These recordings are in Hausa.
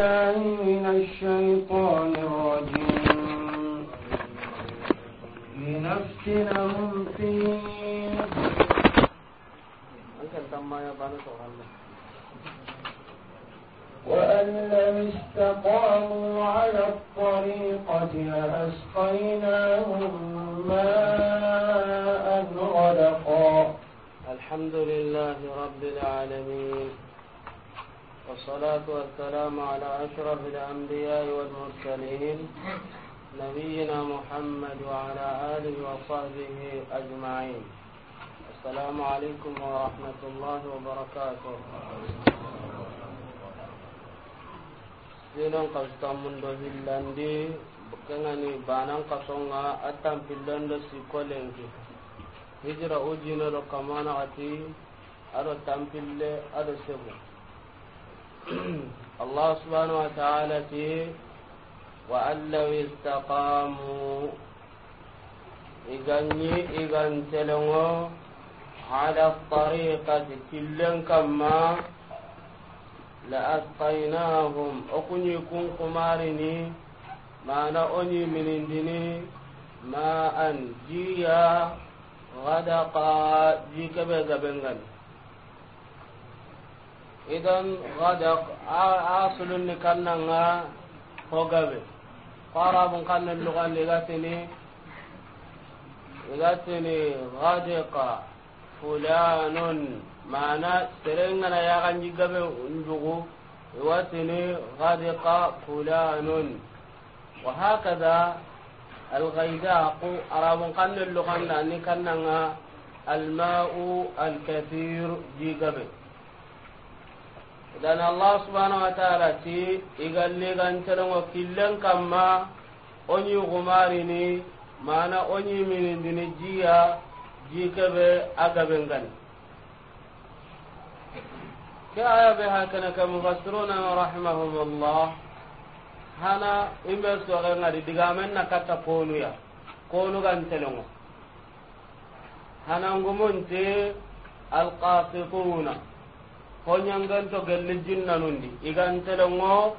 الله من الشيطان الرجيم نبينا محمد وعلى آله وصحبه أجمعين السلام عليكم ورحمة الله وبركاته Sinan kasta mun do hillandi kangani banan kasonga atam pillando si kolenki hijra ujina do kamana ati ado tampille ado sebu allah subhanahu wa ta'ala ti وأن لو استقاموا إغني إغن تلغو على الطريقة كلن كما لأسقيناهم أكني كن قمارني ما نأني من اندني ماء جيا غدقا جيك بغبنغن إذن غدق أصل نكنا هو qaraabun kanne lugandi igatini igatini gadika fulanun mana serengana yaganji gabe njugu iwatini gadika fulanun wahakada algaidaku arabun kanne lugandani kannanga almau alkathir ji gabe dan allah subhanahu wa ta'ala ti igalle gantarango killen kamma onyi gumarini mana onyi dini jiya jikebe agabengani ke aya be hakana ka mufassiruna rahimahumullah hana imbe soxe ngadi digamen na katta konuya konu gantelengo hanangumonte alqasituna ko honyanganto gelli jinnanundi igantelengo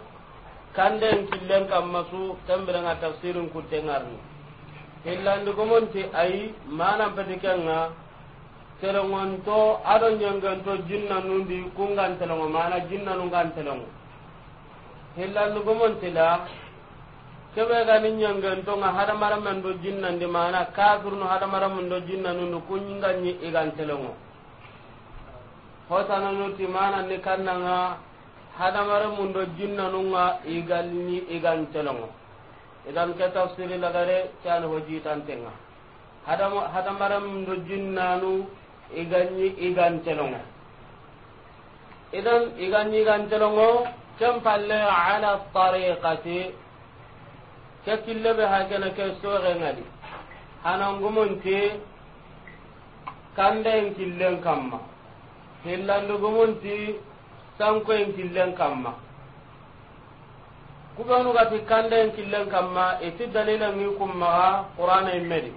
kanden killen kammasu tembirenga tafsirin kuttengarni hillandigumonti ayi manan petikenga telengonto ado nyanganto jinnanundi kungantelengo mana jinnanungantelengo hillandigumonti la kebe gani nyanganto nga hadamaramen do jinnandi mana kafirnu hadamaramen do jinnanundu kunyinganyi igantelengo hotananuti manani kannanga hadamare mundo jinnanunga igalni igantelongo idan ke tafsiri lagare cani hojitantenga hadamare mundo jinnanu igalni igantelongo idan igalni igantelongo kem palle ala tariqati ke killebe hakena ke sorengadi hanangumonti kandeng killen kamma hillandugumunti sankoyen killen kamma kuɓenugati kandayen killen kamma iti dalilangi kummaga qur'ana immedi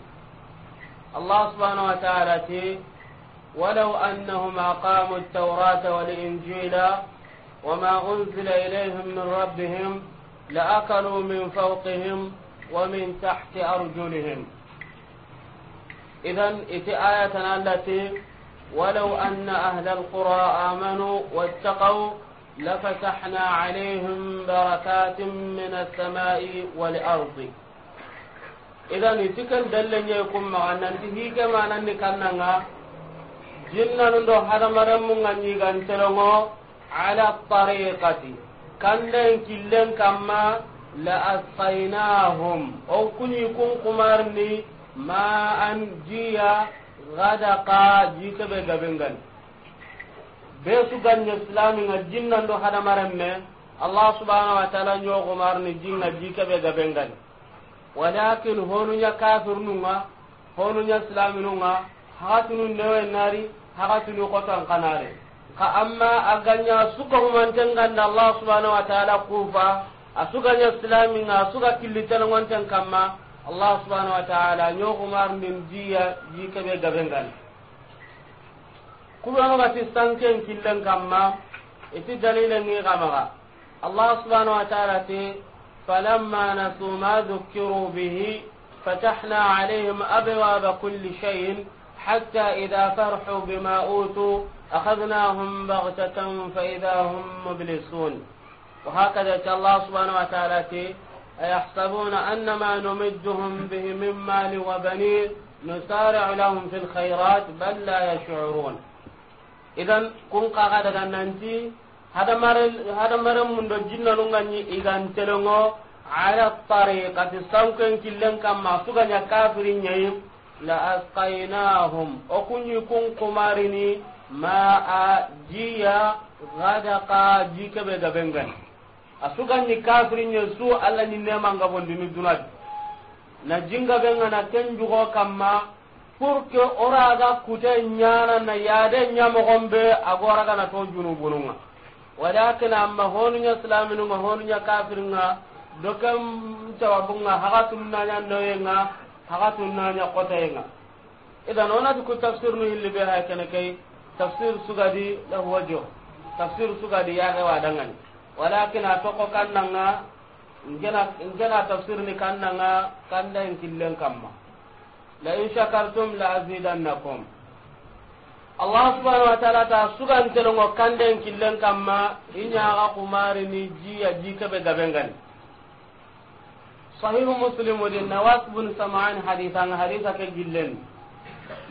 allah subhanau wa taala ti ولو أنهم أقاموا التوراة والإنجيل وما أنزل إليهم من ربهم لأكلوا من فوقهم ومن تحت أرجلهم إذا إتي آية التي ولو أن أهل القرى آمنوا واتقوا لفتحنا عليهم بركات من السماء والأرض idan itikan dallen ya kun maganan ti hike manan ni kannanga jinnanu do hadamaren mun ganyi ganterongo ala tariqati kanden killen kamma la asqainahum o kunyi kun kumarni ma an jiya gada ka jita be suganye islami nga jinnan do hadamaremme allah subhanahu wa taala ñogomarni jinna jikebe gabengan walakin honu nya islami nunga hakatunu newe nari hakatunu kotan kanare ka amma aganya suka humanten gan allah subhanahu wa taala kufa asuganya islami na asuga kilitan wanten kamma allah subhanahu wa ta'ala ñoxumar ndin jiya jikeɓe gabengan kuɓenogati sanken killen kamma iti dalilengi kamaga allah subhanahu wa ta'ala ti falamma nasu ma dhukiru bihi فتحنا عليهم أبواب كل شيء حتى إذا فرحوا بما أوتوا أخذناهم بغتة فإذا هم مبلسون وهكذا الله سبحانه وتعالى أيحسبون أن ما نمدهم به من مال وبنين نسارع لهم في الخيرات بل لا يشعرون إذا كن قاعدة ننتي هذا مرن هذا مرن من الجنة نغني إذا انتلغوا على الطريقة السوكن كلن كما سوغنيا كافرين يم لأسقيناهم أكون يكون قمارني ماء جيا غدقا جيكبه دبنغني asugani nye su alla ni nemanga bondini dunadi na jinga benga na ken jugo kamma pour que oraga kute nyana na yade nyamogombe agoraga na to junubununga walakin amma honunya silaminunga honunya kafiringa dokem tawabunga na nya hakatunna nga idan onati ku tafsir nu hilli be hay kene kai tafsir sugadi lahu wajh tafsir sugadi yaxe wadangani walakin a toko kannanga ngena tafsirni kannanga kanda in killen kamma la in shakartum la azidannakum allah subhanahu wa ta'ala ta sugantelongo kanda in killen kamma inyaga kumarini jiya jikebe gabengani sahihu muslim wadi nawas bun sama'an hadithan haditha ke gillen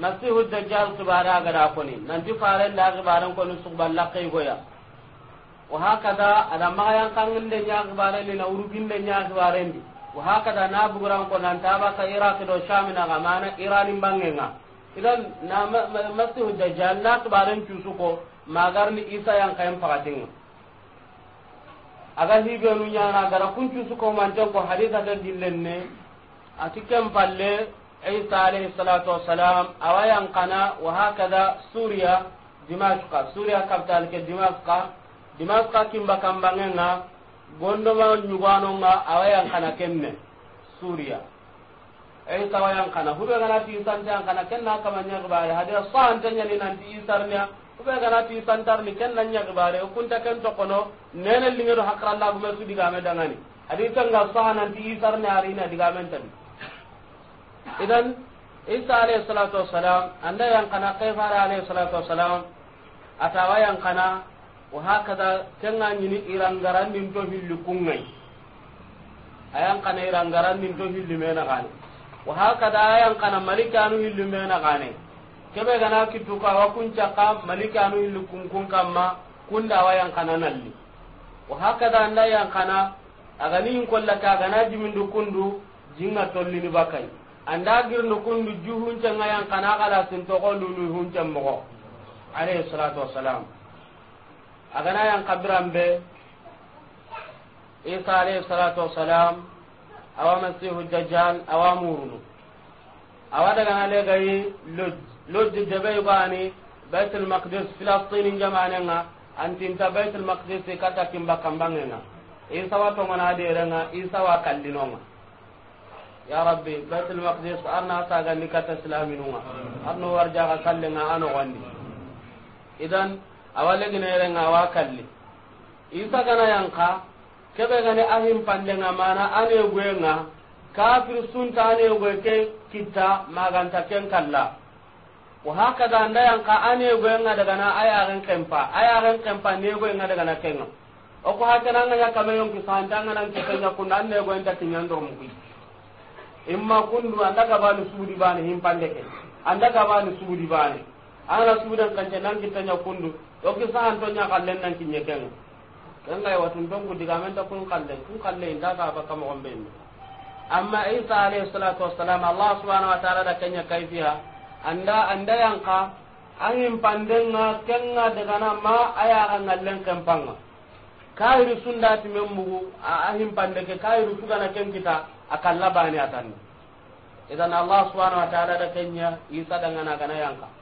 nasihu dajjal kibara agada koni nanti faran da kibaran koni sugban lakai goya وهكذا أنا ما ينقل لنا يغبارين لنا ورقين لنا يغبارين وهكذا نابغران قلنا انتابا كإراك دو شامنا غمانا إيران بانجنا إذن مسيح الدجال لا تبارين تسوكو ما غرني إيسا ينقيم فقاتين aga hibenu ñana gara kuncusukomanten ko hadisa ke dillen ne ati ken palle isa alayhi salatu wasalam awa yankana wahakada suriya dimashka suriya capital ke dimashka dimas ka kimba kambangenga nyugano ñuganonga awayan kana kenne suriya ay kawayan kana hube gana ti sante an kana kenna kama nyagbaare hada sante nyani nan ti sarnya hube gana ti santarni kenna nyagbaare kunta ken to kono nene lingero hakra Allah gume su diga digame dangani adi tanga sahana ti sarnya arina digame tan idan isa alayhi salatu wassalam anda yang kana kayfara alayhi salatu wassalam atawa yang kana wa hakada kenga nyini irangaran din to hilli kungai kana irangaran din to hilli mena gane wa kana malikanu hilli mena gane gana kitu ka malikanu hilli kun kun kunda wa yan kana nalli wa hakada anda yan kana agani in kolla ka gana jimindu kundu jinga tolli ni bakai anda kundu juhun canga yan kana kala to hun cam mo alayhi salatu wassalam agana yan kabiran be isa alayhi salatu wassalam awa masihu dajjal awa murunu awa daga na dagana legayi lod lod debe bani baitul maqdis filastinin jamanenga antinta baitul maqdis kata kimba kambangenga isa wa tongona derenga isa wa kallinonga ya rabbi baitul maqdis arna sagandi kata silaminunga arno warjaga kallenga ano gondi idan awa leginere nga awa kalli isa kana yanka kebe gani ahim pandenga mana ane gwenga kafir sunta ane gwe ke kita maganta ken kalla wa hakada anda yanka ane nga daga na ayaren kempa ayaren kempa ne nga daga na kenga oku hakana nga ya kame yonki santa nga nan kenya kunda ane gwenta tinyando mukui imma kundu anda gabani suudi bani him pandeke anda gabani suudi bani ana suudan kanche nan kitanya kundu oki sahan to nya kallen nan kinye ken kan ga watun don gudi ga men ta kun kallen kun kallen da ga ba kama on ben amma isa alayhi salatu wassalam allah subhanahu wa ta'ala da kenya kaifiya anda anda yang ka angin na kenga daga na ma aya ka ngallen kan panga kairu sunda ti men mugu ahin ke kairu fuga na ken kita akalla bani atan idan allah subhanahu wa ta'ala da kenya isa daga na ga na yang ka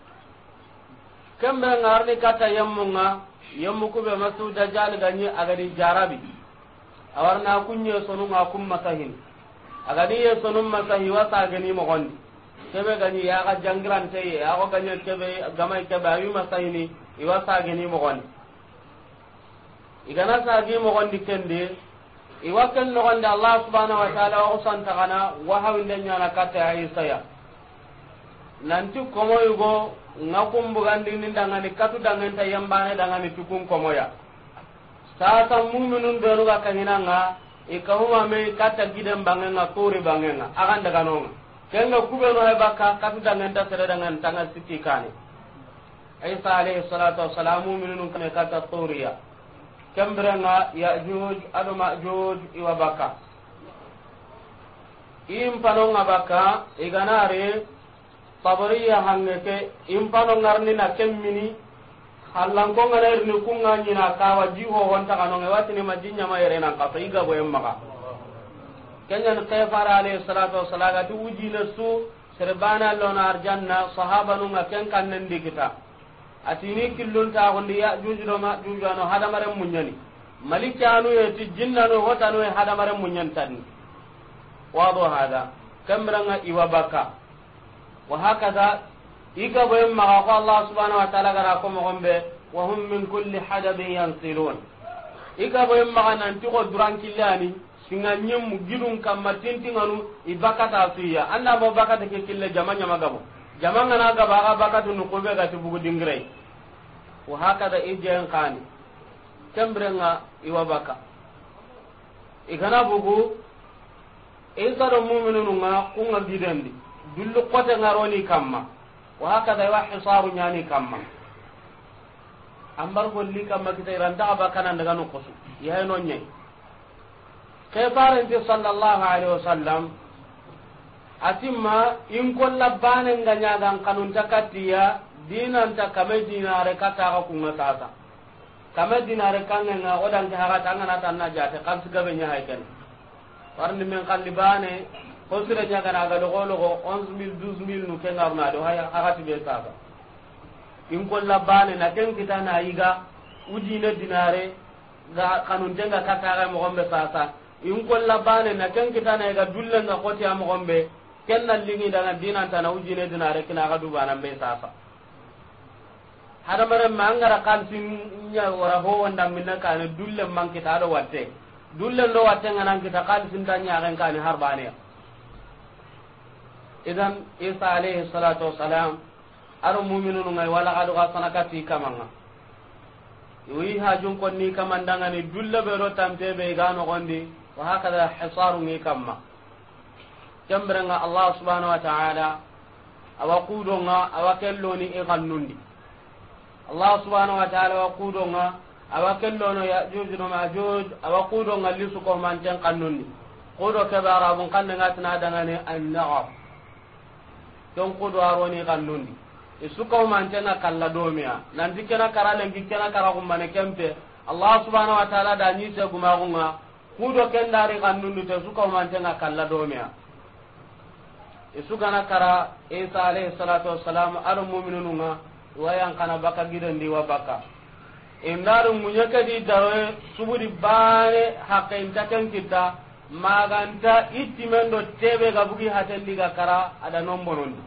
kembe ngarni kata yemmunga yemmu kube masu jal ganyi agadi jarabi awarna kunye sonu nga kum masahin agadi ye sonu masahi wasa gani mogondi kebe ganyi ya ga jangiran tayi ya ga ganyi kebe gamai kebe ayu masahini iwasa gani mogondi igana sagi mogondi kende iwaken nogondi allah subhanahu wa ta'ala wa usanta kana wa hawinde na kata ya isaya nanti komoyugo nga kumbugandini dangani katu dangenta yambane dangani tukun komoya sasa muminun beruga kahinanga ikahuma me kata giden bangenga kuri bangenga akan daganonga kenga kubeno hebaka katu ta sere dangan tanga siti kani isa alaihi salatu wassalam muminun kane kata turiya kembrenga yajuj ado majuj iwa baka impanonga baka iganari sabariya hangeke impano ngarni na kemmini hallanko ngana erni kunga nyina kawa jiho honta e watini majinya ma yere nan kafa iga go kenya kenyan kefara alayhi salatu wassalam ati wujina su serbana lona arjanna sahaba nu ngaken ken kannen dikita ati ni killun ta gondi ya jujudo ma jujano hadamare munyani malikanu yeti jinnano hotano hadamare munyan tan wado hada kamranga iwabaka wa hakaza iga boyen maga ko allah subhanahu wa ta'ala gara ko mo gombe wa hum min kulli hadabin yansilun iga boyen maga nan ti ko duran killani singa nyem gidun kamma tintinganu ibakata suya anda mo bakata ke kille jamanya magabo jamanga na gaba ga bakatu nu ko be ga ti bugu dingrai wa hakaza ijen kani tambrenga iwa baka igana bugu in kada mu'minun nga kunga gidendi dullu kote ngaroni kamma wa hakada wa hisaru nyani kamma ambar golli kamma kita iran da ba kana daga no kosu ya no nyai ke faran ti sallallahu alaihi wasallam atimma in kolla bane nganya gan kanun takatiya dinan ta kame dinare kata ka kunga tata kame dinare kanne nga odan ta haka tanga na tanna jate kan sigabe nya haiken warni men kalli bane on sire ñagana aga logo logo 11000 12000 nu kenar na do haya ti be saba in kolla bane na ken iga uji ujine dinare ga kanuntenga mo gombe sasa in kolla bane na ken na ko ti am gombe ken na lingi dana uji ujine dinare kina axa dubanan be sasa hadamare mangara kan kansin nya wara ho wanda minna kane dulle man kita do watte dulle do watte ngana kita kan kansin tanya kan har harbane idan isa alayhi salatu wasalam aro mu'minunu ngai wala kadu kasana kati kamanga wi jungkon ni kamandanga ni dulle be ro tampe be gano gondi wa hakada hisaru ngi kamma jambranga allah subhanahu wa ta'ala awa nga awa ni e gannundi allah subhanahu wa ta'ala awa kudonga no ya yajuj no majuj awa nga lisu ko manten kannundi kudo kebara bun kannanga tana dangane an-naqab don ko do aroni kannundi isuka man tana kalla domiya nan kara karalen dikena kara ko mane kempe allah subhanahu wa ta'ala da ni se guma gunga kudo ken dari kannundi te suka man tana kalla domiya isuka na kara isa alayhi salatu wassalam ar mu'minununga wayan kana baka di wa baka indaru munyaka di dawe subudi bare hakin takan kita maganta ittimen do tebe ga bugi hatelli ga kara ada nombonondi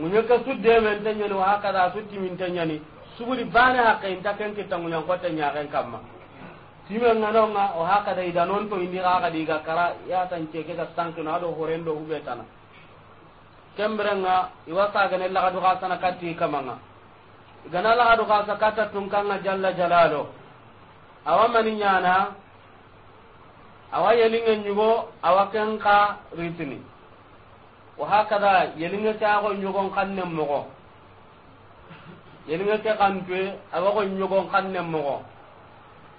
munye ka sudde men tanyani wa hakada sutti min tanyani sugudi bane hakke inta ken kitta munyan kota nyaren kamma timen ngano nga o hakada ida non to indi ga di ga kara ya tan ceke ga sanki na do horendo hubetana kembrenga iwasa ga ne laga do ga sana katti kamanga gana laga do ga sakata tungkanga jalla jalalo awamani nyana awa yelinge nyugo awa ken ka ritini ke ago kan mogo ke awa kan mogo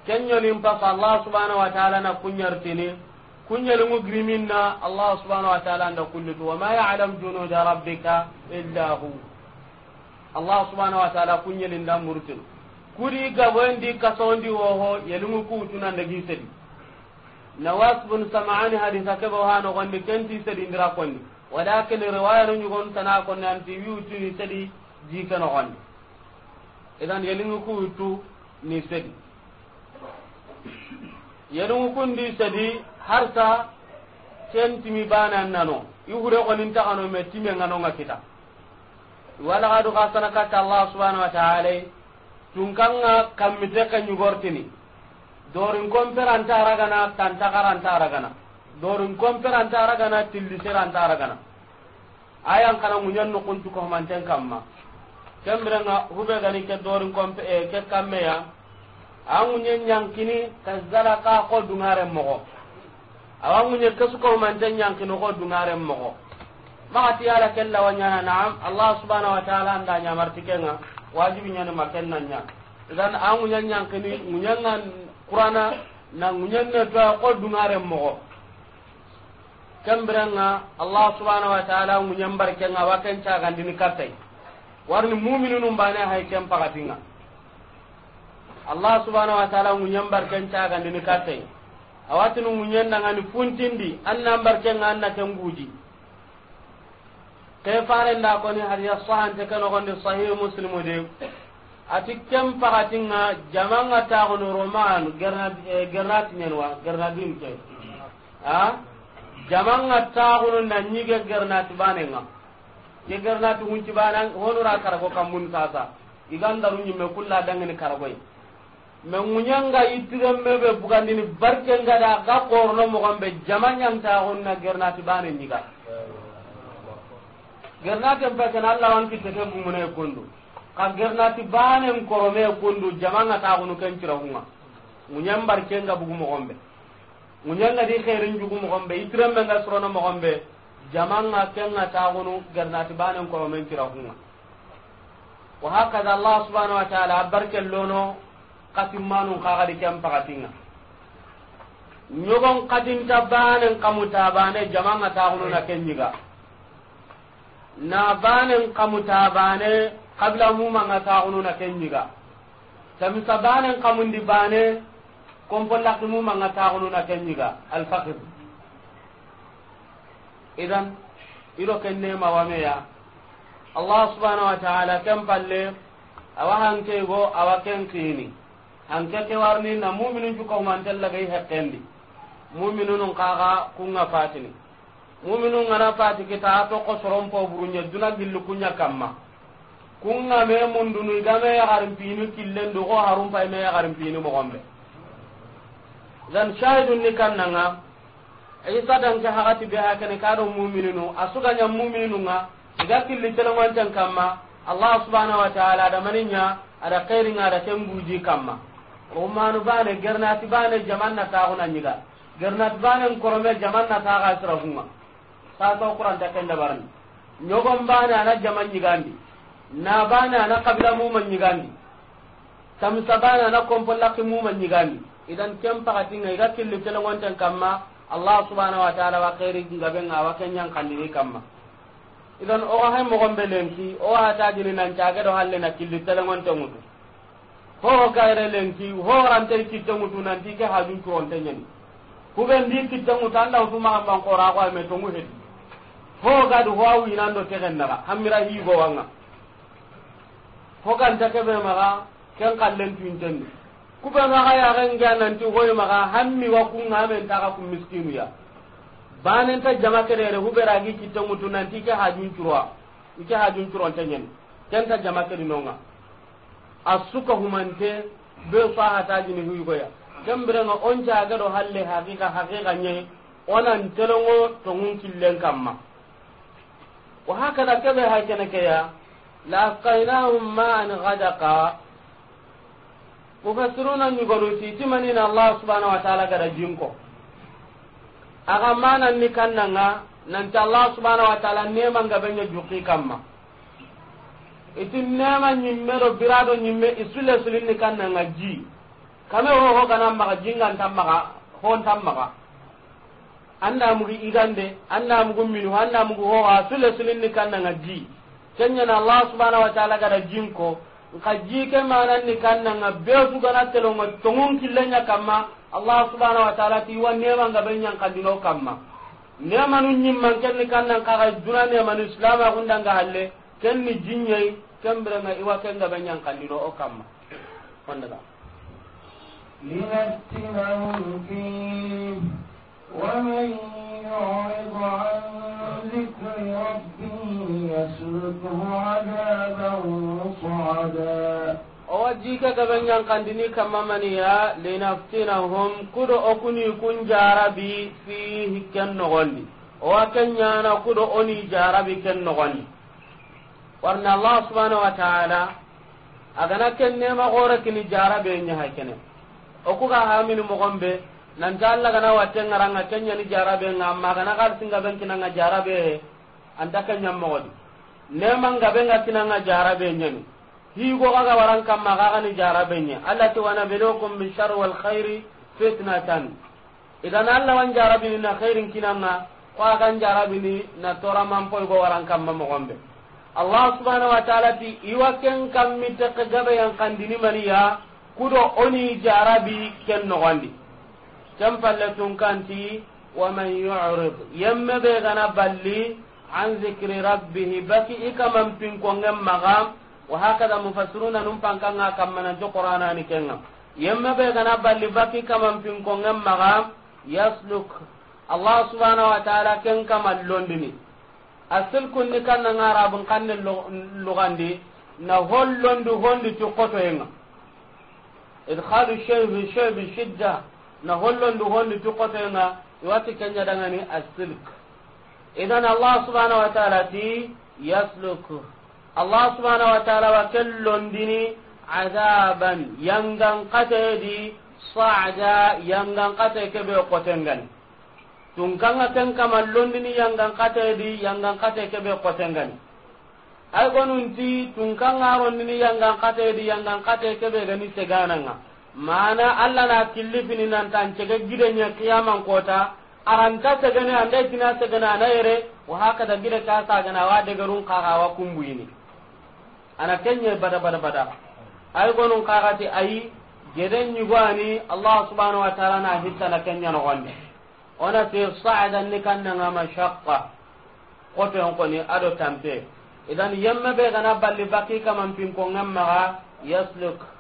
Allah wa ta'ala na kunyartini kunyalingu griminna Allah subhanahu wa ta'ala nda kullutu wa ma junuda rabbika illa hu Allah subhanahu wa ta'ala da murtin kuri gabondi kasondi woho نواس بن سمعان حديثا كبه هانو غندي كنتي سدي اندرا كوندي ولكن رواية نيغون سنا كوندي انتي ويوتو ني سدي جي كان غندي إذن يلنغو كويتو ني سدي يلنغو دي سدي هرسا kentimi bana نانو يغري koninta kano metime ngano nga kita wala kadu غاسنا كتا الله سبحانه wa ta'ala tunkanga kamite kanyugortini dorin takara an tara gana dorin komperanta an tara gana ayan kana munyan no kuntu ko tan kamma kembere nga hube gani ke dorin kompe e ke kamme ya amunyen nyankini kazala ka ko dungare mogo awamunyen kasu ko manten nyankini ko dungare ma makati ala kella wanyana na'am allah subhanahu wa ta'ala anda nga wajibi nyane makenna nya idan amunyen nyankini munyen kurana na ngunyanna to ko dungare mo kambranga allah subhanahu wa ta'ala ngunyam barke nga waken gandi ni kartai warni mu'minu num bane hay kem pagatinga allah subhanahu wa ta'ala ngunyam barke ca gandini katai awatinu ngunyan dangani puntindi annan barke nga anna kenguji ke faren da ko ni hadiya sahan te kan kanogonde sahih muslimu de ati kem pakatinga jamanga taxunu roman gernatinenwa eh, gernadim ke a jamanga taxunu na ñige gernati banenga ke gernati hunci bana honura karago kammun sasa igandaru ñimme kulla dangini karagoy me nga ŋuñanga itiremmeɓe bugandini barkengada ga korno mogonɓe jamañantaxunu na gernati bane ñiga gernaten pekene allawankitteke bumune kondu ka gernati banen korome kundu jamanga taxunu ken cirahunga ŋuñen bar kenga bugu moxonɓe ŋuñenga di xeerin jugu nga itirenɓenga sorono moxonɓe jamanga kenga taxunu gernati banen koromen cirahunga wa hakada allah subhanau wa taala a barkellono katimmanun kaxadi ken pakatinga ñogon katinta banen kamuta bane jamanga taxununa ken ñiga na banen kamuta bane kabila muma nga taxununa kenñiga tamisa banen kamundi bane kompollaki muma nga taxununa kenñiga alfakir idan ido ken allah wa taala palle kini ke kunga fatini burunya duna kunya kamma kunga me mundunu igame yagarin pinu do ko harun pay me yagarin pinu mogonɓe zan shahidunni kannanga isa danke hakati be hakene kaɗo mumininu nya sugaña nga iga killi telewanten kamma allah subhanahu wa taala maninya ada nga ada tembuji kamma rumanu bane gernati bane jaman na nyiga ñiga ti bane korome jaman na taxa qur'an ta kenda kendabarni nyogom bane ana jaman ñigandi na bana na kabila mu man nyigandi tamsa bana ana kompolaki mu man nyigandi idan kem pakati ngai ga kille tele wonten kamma allah subhanahu wa ta'ala wa khairi ngabe ngawa kenyang kandini kamma idan o ha mo gombe lenki o ha ta jini nan caage do halle na kille tele wonten mutu ho gaire lenki ho rante kitte mutu nan ti ke hajun to wonten nyani kube ndi kitte mutu anda to ma ban ko ra ko me to mu heddi ho do wa wi nan do tegen daga hamira hi go wanga hoganta keɓe maxa ken kallen ya kuɓe ga nan tu hoy maga hammi wa ta kunga amen taxa kum miskinuya banenta jama kitta huɓeragi nan ti ke hajuncuroa ike nyen ñen ta jama keɗinonga nonga asuka humante ɓe sahatajini huygoya kembirenga on do halle haqiqa haqiqa nye onan telongo tongun killen kamma wa hakada kebe hay kene ya. لأسقيناهم ماء غدقا مفسرون نقولوا تمنين الله سبحانه وتعالى قد جنكو أغمانا kenyana allah subhanahu wa ta'ala gada jinko nka jike kanna nga besu gana telo telonga tongun killenya kama allah subhanahu wa ta'ala ti wa nema nga benyan kandino kama nema nu ni kanna nga kaga duna nema nu islama nga halle kenni jinyai nga iwa kenga nga kandino o nga fondaga لنفتنهم فيه ومن يعرض عن ذكر ربه يسلكه عذابا صعدا owajjika gabenyankandini kammamaniya linaftinahum kudo okuni kun jarabi fihi ken nogondi owa kenyana kudo oni jarabi ken nogondi warna allah subhanahu wa taala agana ken nema gore kini jarabe nyaha kene okuga hamini mogonbe nanta allah gana watte ngaranga ni jarabe nga amma gana singa ben nga jarabe anta ben nga kina nga jarabe ñani higo kaga waran kamma kagani jarabe bilukum min shar wal khair fitnatan idan allah wan ni na khairin kinanga ko jarabe ni na toramanpoy go waran kamma mogonɓe allah subhanahu wa taala ti iwa ken kammi teke gabe yan kandini mariya kudo oni jarabi ken wandi كم فلتون كانتي ومن يعرض يم بيغنا بلي عن ذكر ربه بكي إكا من بينكوان مغام وهكذا مفسرون نم فانكانا كم من جو قرانا نكينا يم بيغنا بلي بكي إكا من بينكوان مغام يسلك الله سبحانه وتعالى كن كما اللوندني أصل كن نكنا نعرب نكنا اللغاندي نهول لوند هول تقطعنا إدخال الشيء في الشيء بشدة na hollondu hondi tukotenga kanya kenya ni asilk idan allah subhanahu wa ta'ala ti yasluk allah subhanahu wa ta'ala wa dini azaban yangan katedi sa'da yangan kate kebe kotengan tunkanga ken kamal londini yangan katedi yangan kate kebe kotengan ay gonunti tunkanga rondini yangan katedi yangan kate kebe gani segananga mana allah na kilifini nan tan cege gidenya kiyaman kota aranta segene ande tina segene na yere wa haka hakada gide ka gana wa degerun kaga wa ini ana kenye bada bada bada ay gonun kagati ayi geden bani allah subhanahu wa ta'ala na hitta na kenya no gonde ona te sa'ada ni kanna ma shaqqa kote on koni ado tampe idan yamma be gana balli baki kaman pin ko ngamma yasluk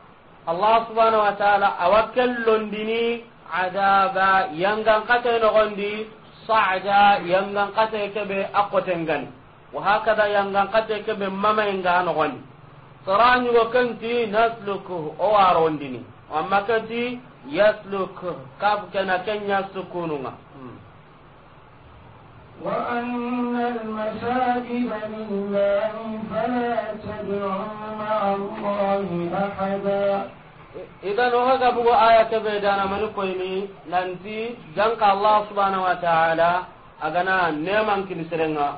allah subhanahu wa ta'ala awa londini adaba yangan kate nogondi sa'da yangan kate kebe akotengan wa hakada yangan kate kebe mama inga nogondi sarani go kanti nasluku o warondini amma kanti yasluk kaf kana kenya sukununga idan المساجد لله فلا تدعوا مع الله أحدا idan ohoga bugo aya keɓe danamani koyni nanti janka allah subhanahu wa taala agana nemankini serenga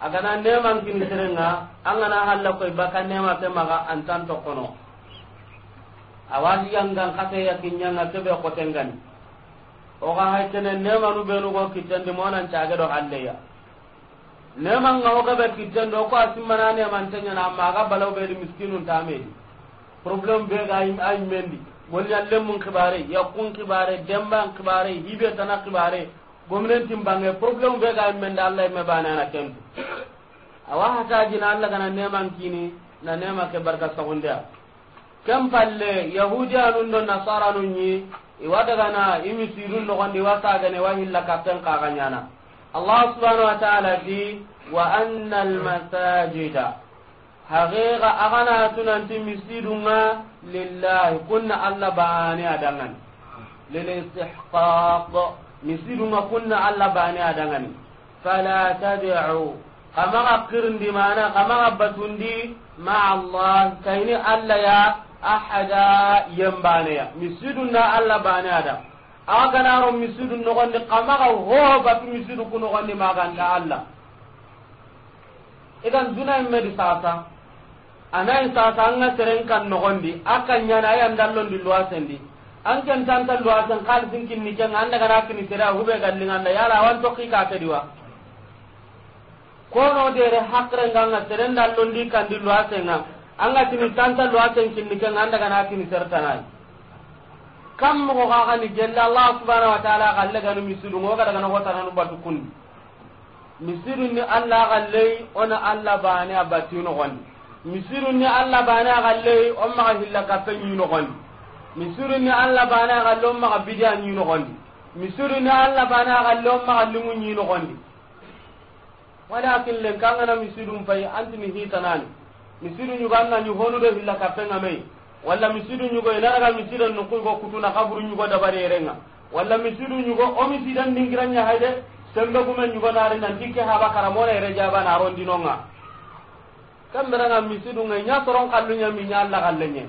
agana nemankini serenga angana halla koy baka nema ke maga antan tokkono awajigangan kateya kiñanga ko tengani oga haykene nemanu benu go kittendi monan cage do halleya neman ga hoga be kittendi oko asimmana na amma ga balaw be miskinun tamedi problem be ga ay mendi alle mun kibare yakkun kibare demban kibare hibe tan kibare gomnentin bange problem be ga mende allah me na kentu awa hatajina allah gana neman kini na nema ke barka sagundea kem palle yahudiyanun do nasaranun yi iwa dagana imi sirun nogondi wa sagane wa hilla kapten kaganyana allah subhanahu wa ta'ala di wa anna masajida. haqiqa agana tunanti misidunga lillah kunna allah bani adangan lil istihqaq misidunga kunna allah bani adangan fala tad'u kamaga qirndi mana kamaga batundi ma allah kaini allah ya ahada yembaneya na allah da, baneada awa ganaro misidu nogondi kamaga ho batu misidu ku nogondi maganda allah idan dunayimmedi sasa anayi sasa anga seren kan nogondi akanyana ayandallondi luwasendi an ken tanta luwasen kalisin kinni ken an daga na kini sere hube gallinganda yala awan tokki Ko n'o dere hakrenga anga seren dallondi kandi luwasenga anga tini tanta lo aten kinni kan anda kana tini sertanai kam mo ga ga ni gella allah subhanahu wa taala galle ganu misiru mo ga daga no hotana no batu kun misiru ni allah galle ona allah bani abati no gon misiru ni allah bani galle on ma hilla ka tan ni gon misiru ni allah bane galle on ma bidia ni gon misiru ni allah bani galle on ma limu ni no gon walakin len kan na misiru fay antini hitanani misidu ñuganna ñi honudo hilla nga mai walla misidu ñugo inaraga misiden ko kutuna kaburu ñugo nga. walla misidu ñugo o misiden dingiranya hayde sembe gume ñugo nari nanti ke haba karamona re jaba narondinonga nga misidu kallu nya mi nya la kallu nya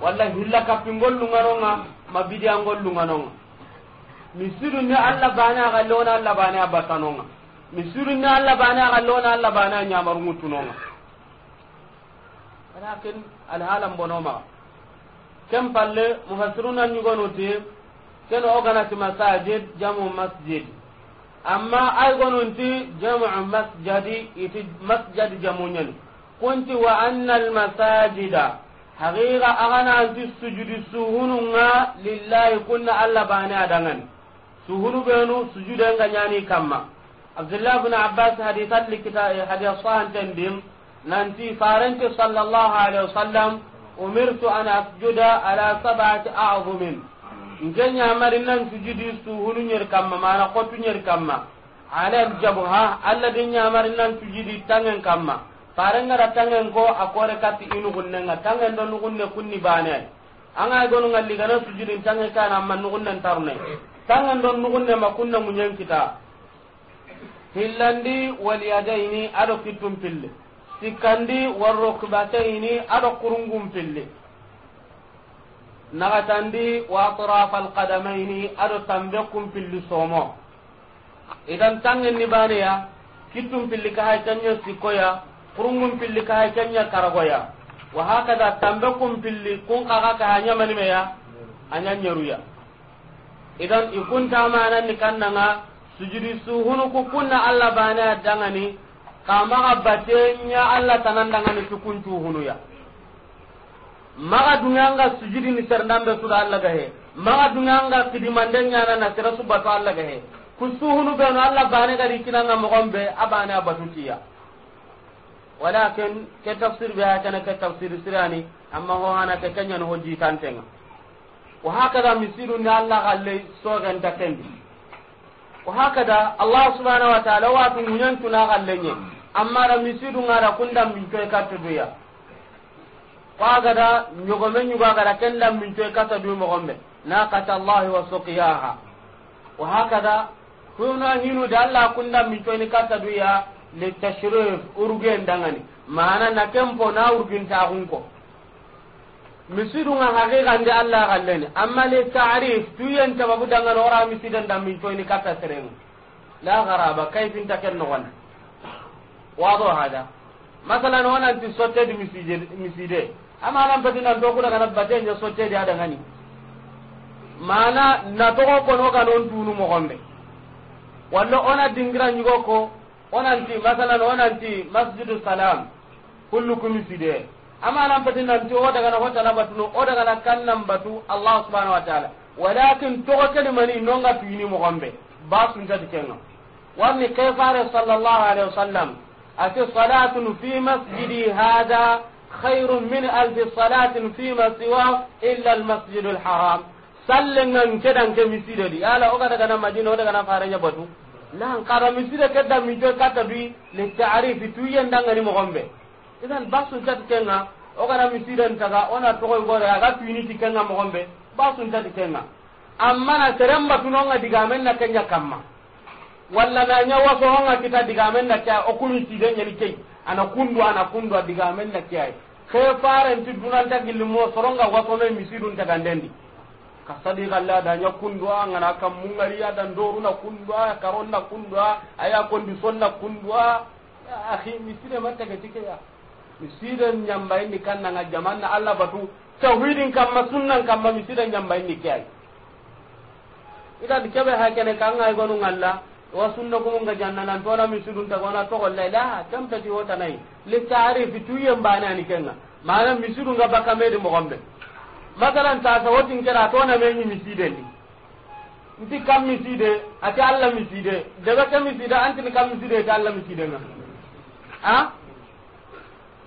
walla hilla nga ma bidiyangollunganonga misidu ni alla bane aga lona alla bana ba tanonga misidu ni alla bane aga lona alla bane a ñamarungutunonga walakin alhalan bonoma kem palle mufassiruna nyugonuti ken oganati masajid jamu masjid amma ay gonunti jamu masjadi iti masjad jamunyani kunti wa anna almasajida haqiqa agana anti sujudi suhununga lillahi kunna alla bani adangan suhunu benu sujudenga nyani kamma abdullah ibn abbas hadithat likita hadithan tendim nanti faranti sallallahu alaihi wasallam umirtu an asjuda ala sab'ati a'zumin ngenya mari nan sujudi su hunu nyer kamma mana kotu nyer kamma ala jabha alla de nyamari nan sujudi tangen kamma farangara tangen ko akore kati inu gunnenga tangen do nugunne kunni bane anga gonu ngalli gana sujudi tangen kana man nugunnan tarne tangen do ma makunna munyen kita hillandi wal yadaini ado kitum pille sikandi ini ado kurungum pilli nagatandi wa atrafa alqadamaini ado tambe kum pilli somo idan tangenni baneya kittum pilli kahay kanya sikkoya kurungum pilli kahay kanya karagoya wa hakada tambe kum pilli kun kaga kahanyamanimeya anyanyeruya idan ikuntamananni kannanga sujudi suhunu kunna allah baneya dangani kamaxa batenya allah tanandangani tukuncuhunuya maxa dunganga sujudini serndanɓe suda allah gahe maxa dunganga kidimande ñanana sera subato allah gahe kusuhunu ɓeno allah bane gadi kinanga moxon ɓe a bane a batutiya walakin ke tafsir ɓe ha kene ke tafsir sirani amma ho hana ke keñani ho jitantenga wa hakada misiru ni allah xalley sogenta kendi wa haka da ala suma na watali watu wiyan tun hakalin ne amma da misir tun kada min coyi kar ta du ya kuma haka da ɲogon kenda min coyi kar ta du yi na kar ta ala wasu ki yaha wa haka da tunanin yin kunda in na kar ta du yi ta shiro. maana na fɔ na yi ta hukumko. misidu nga misidunga hakikande allah galleni amma li tarif tuyen tababu dangana wora misiden dammin coyni katta serenga la garaba kayfinta ken nogonda wado hada masalan sotte wonanti sottedi miside ama alampetinan to kudagana batenya sottedi adangani mana natogo kono on tunu mogonɓe walla ona dingira ñigo ko onanti masalan onanti masjidu salam kulluku miside ama nan pati nan to daga na hota na batu o daga na kan nan batu Allah subhanahu wa ta'ala walakin to ko kalma ni non ga tuini mo gombe ba sun ta dikenga warni kayfare sallallahu alaihi wasallam ati salatu fi masjidi hada khairun min alf salatin fi ma siwa illa al masjid al haram sallengan kedan ke misida di ala o daga na madina o daga na fare ya batu lan kara misida kedda mi to kata bi le ta'rif tuyen dangani mo gombe idan basun tati kenga o kana misiren taga ona togoy gore aga tuiniti kenga mogonɓe basun tati kenga amma na seremba diga digamen na kenya kamma walla na nya waso honga kita digamen na kya okuni tide nyeli kei ana kundu ana kundu digamen na kya ke faren ti dunan ta gilmo soronga waso no misidun ta gandendi kasadi galla da nya kundu anga na kam mungari ya dan doru na kundu ya na kundu aya kondi na kundu akhi misire man ta ke ya misiden nyambayin ni kan nanga jaman na Allah batu tauhidin kamma sunnan kamma misiden nyambayin ni kai ida di kebe ha kene kan ngai gonu ngalla wa sunna ko nga janna nan to na misidun ta gona to golla la tam ta ti wota nai li ta'rifi tu yem bana ni kenna mana misidun ga baka me de mo gombe masalan ta ta wotin kera to na me ni misiden ni nti kam miside ati Allah miside daga kam miside anti kam miside ta Allah miside na ha ah?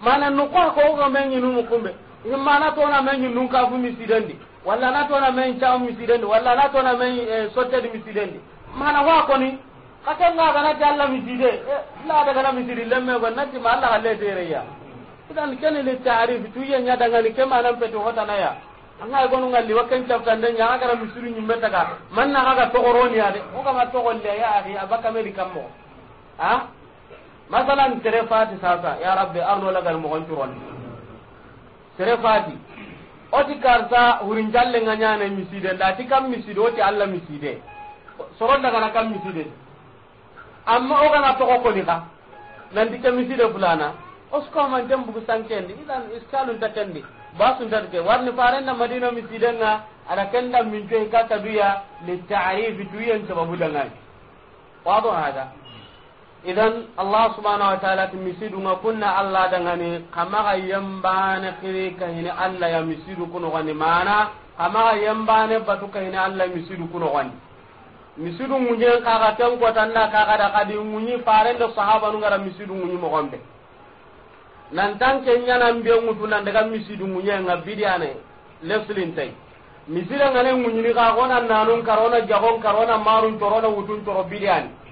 mana no ko ko ga men ni mu kumbe ni mana to na men eh, ni nun ka fu mi sidandi walla na to na men cha mi sidandi walla na to na men sotte mi sidandi mana wa ko ni ka ta na ga na Allah mi sidde la ga na mi sidde lemme ko na ti Allah halle re ya dan kene le ta'rif tu ye nya daga ni kema nan peto hota na ya anga go nu ngalli ta taftan den nya ga mi sidu nyimbe ga man na ga to ni ya de ko ga ma to le ya ari abaka me di kammo ha masalan tere fati sasa ya rabbi arno lagal mogon curon tere oti karsa hurin jalle nga nyane miside nda ti kam miside oti alla miside soron daga na kam miside amma o kana to ko ni ka nan ti kam miside fulana osko man dem bugu sankendi idan iskalun ta kendi basun ta ke warni faren na madina miside na ada kenda min to ka tabiya li ta'rif duyan sababu dangai wado hada idan allah subhanahu wa ta'ala ti misidu ma kunna allah da ngani kama dangane kamaga kire kiri kahini allah ya misidu kuno gani mana kama kamaga yambane batu kahini allah misidu kuno gani misidu munye ga tan ko ka ga da kadi munyi da sahaba nu ngara misidu munyi mo gombe nan tan nya nan be ngutu nan daga misidu munye nga bidiane leslin tay misira ngane munyi ka gona nanun karona jagon karona marun torona wutun toro bidiane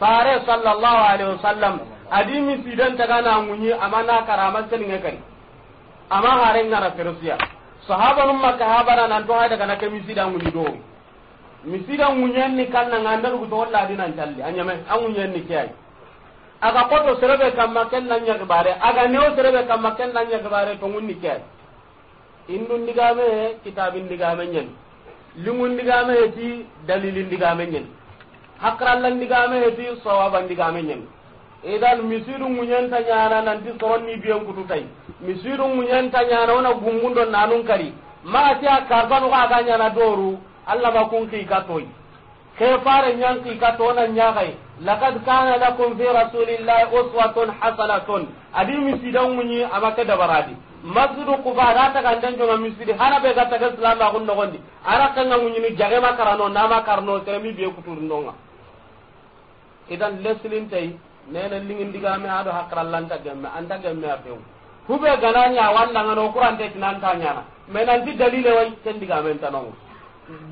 fare sallallahu alaihi wasallam adi mi sidan taga na munyi amana karama ne kan amma haren na ferusia sahaba mun maka habara nan to haida kana kemi sidan munyi do mi sidan munyen ni kan nan andal ku to Allah dinan jalli anyame an munyen ni kai aga koto serebe kamma maken nan nya gbare aga neo serebe kan maken nan nya gbare to munni kai indun digame kitabin digame nyen lingun digame ti dalilin digame nyen hakrallandigame heti sawabandigame ñen idan misiru munyen tanyana nanti soronni biyen kututay misiru munyen tanyana ona gungundo nanun kari ma a karbanuga aga ñana doru allah ki kiikatoy ke fare ñan kiikatona kai. lakad kana lakum fi rasulillahi uswatun hasanatun adi misidan ŋuñi amake dabaradi ta kan dan tagandenconga misidi hana be gattaga silamagun gondi ara munyi ni jage makarano nama karno mi biye kuturi ndonga idan leslintay diga me aɗo hakrallanta gemme anta gemme a few hube gana de tinan tanya me nan nanti dalile way men tanong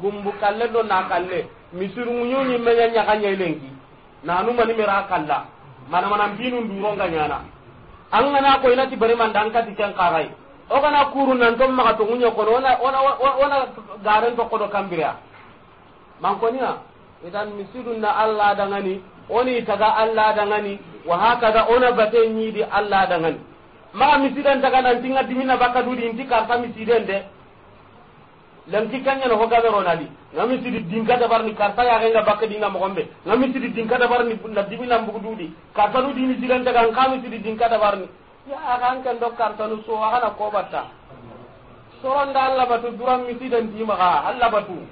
gumbu kalle do na kalle misir ni ŋuñuñi kanya lengi nanu mani mera kalla na. binu nduronga ko ina ti bare mandang an ti kan karai o kana kuru nan to ka to ona kono wona garen do kambira mankoniya itan misidu na da dangani oni taga alla dangani wa hakada ona bate nyidi alla dangani ma misiden taga nan tinga dimina baka dudi inti karta misiden de lamti kanya no hoga be ronali ngami sidi dinka dabar ni karta ya renga baka dinga mo gombe ngami sidi dinka dabar ni na dimina mbugu dudi karta dudi ni sidan taga ngami sidi dinka dabar ni ya kan kan do karta no so ana ko batta da Allah batu duram misiden di maga alla batu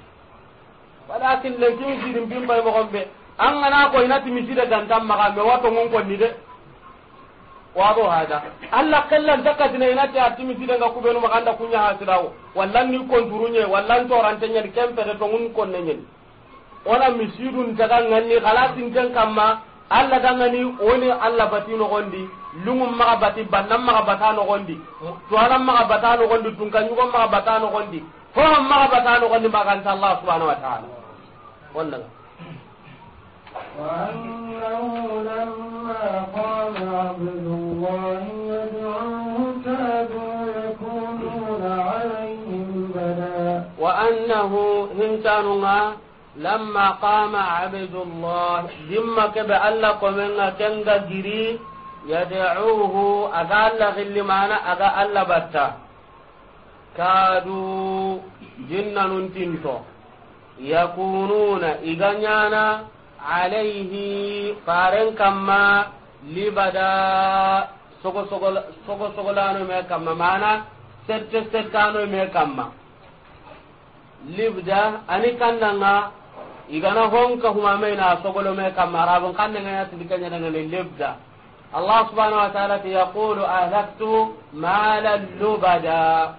walakin lamti misiden bimba mo gombe an gana ko ina timisi da gantan maka me wato mun ko ni de wado hada alla kallan takatina ina ta timisi da ga kubenu maka anda kunya hasirawo wallan ni kon durunye wallan toran tanya de kempe de mun kon ne wala ona misidun daga ngani khalasin kan kamma Allah daga ni oni alla batino gondi lungu maga bati bannam maga batano gondi tuanam maga batano gondi tunkanyugo maga batano gondi ko maga batano gondi maga Allah subhanahu wa ta'ala wannan وأنه لما قام عبد الله يدعوه كادوا يكونون عليهم وأنه لما قام عبد الله جمع كبه الله قمنا كنغا جري يدعوه أغا الله غل مانا أغا الله كادوا جنّا ننتنتو يكونون إغنيانا alayhi faren kamma libada sogo sogo lano me kamma mana sette settano me kamma libda ani kandanga igana honka huma humame na sogolo me kamma rabon kandanga ya tidikanya daga libda allah subhanahu wa ta'ala yaqulu ahlaktu malan lubada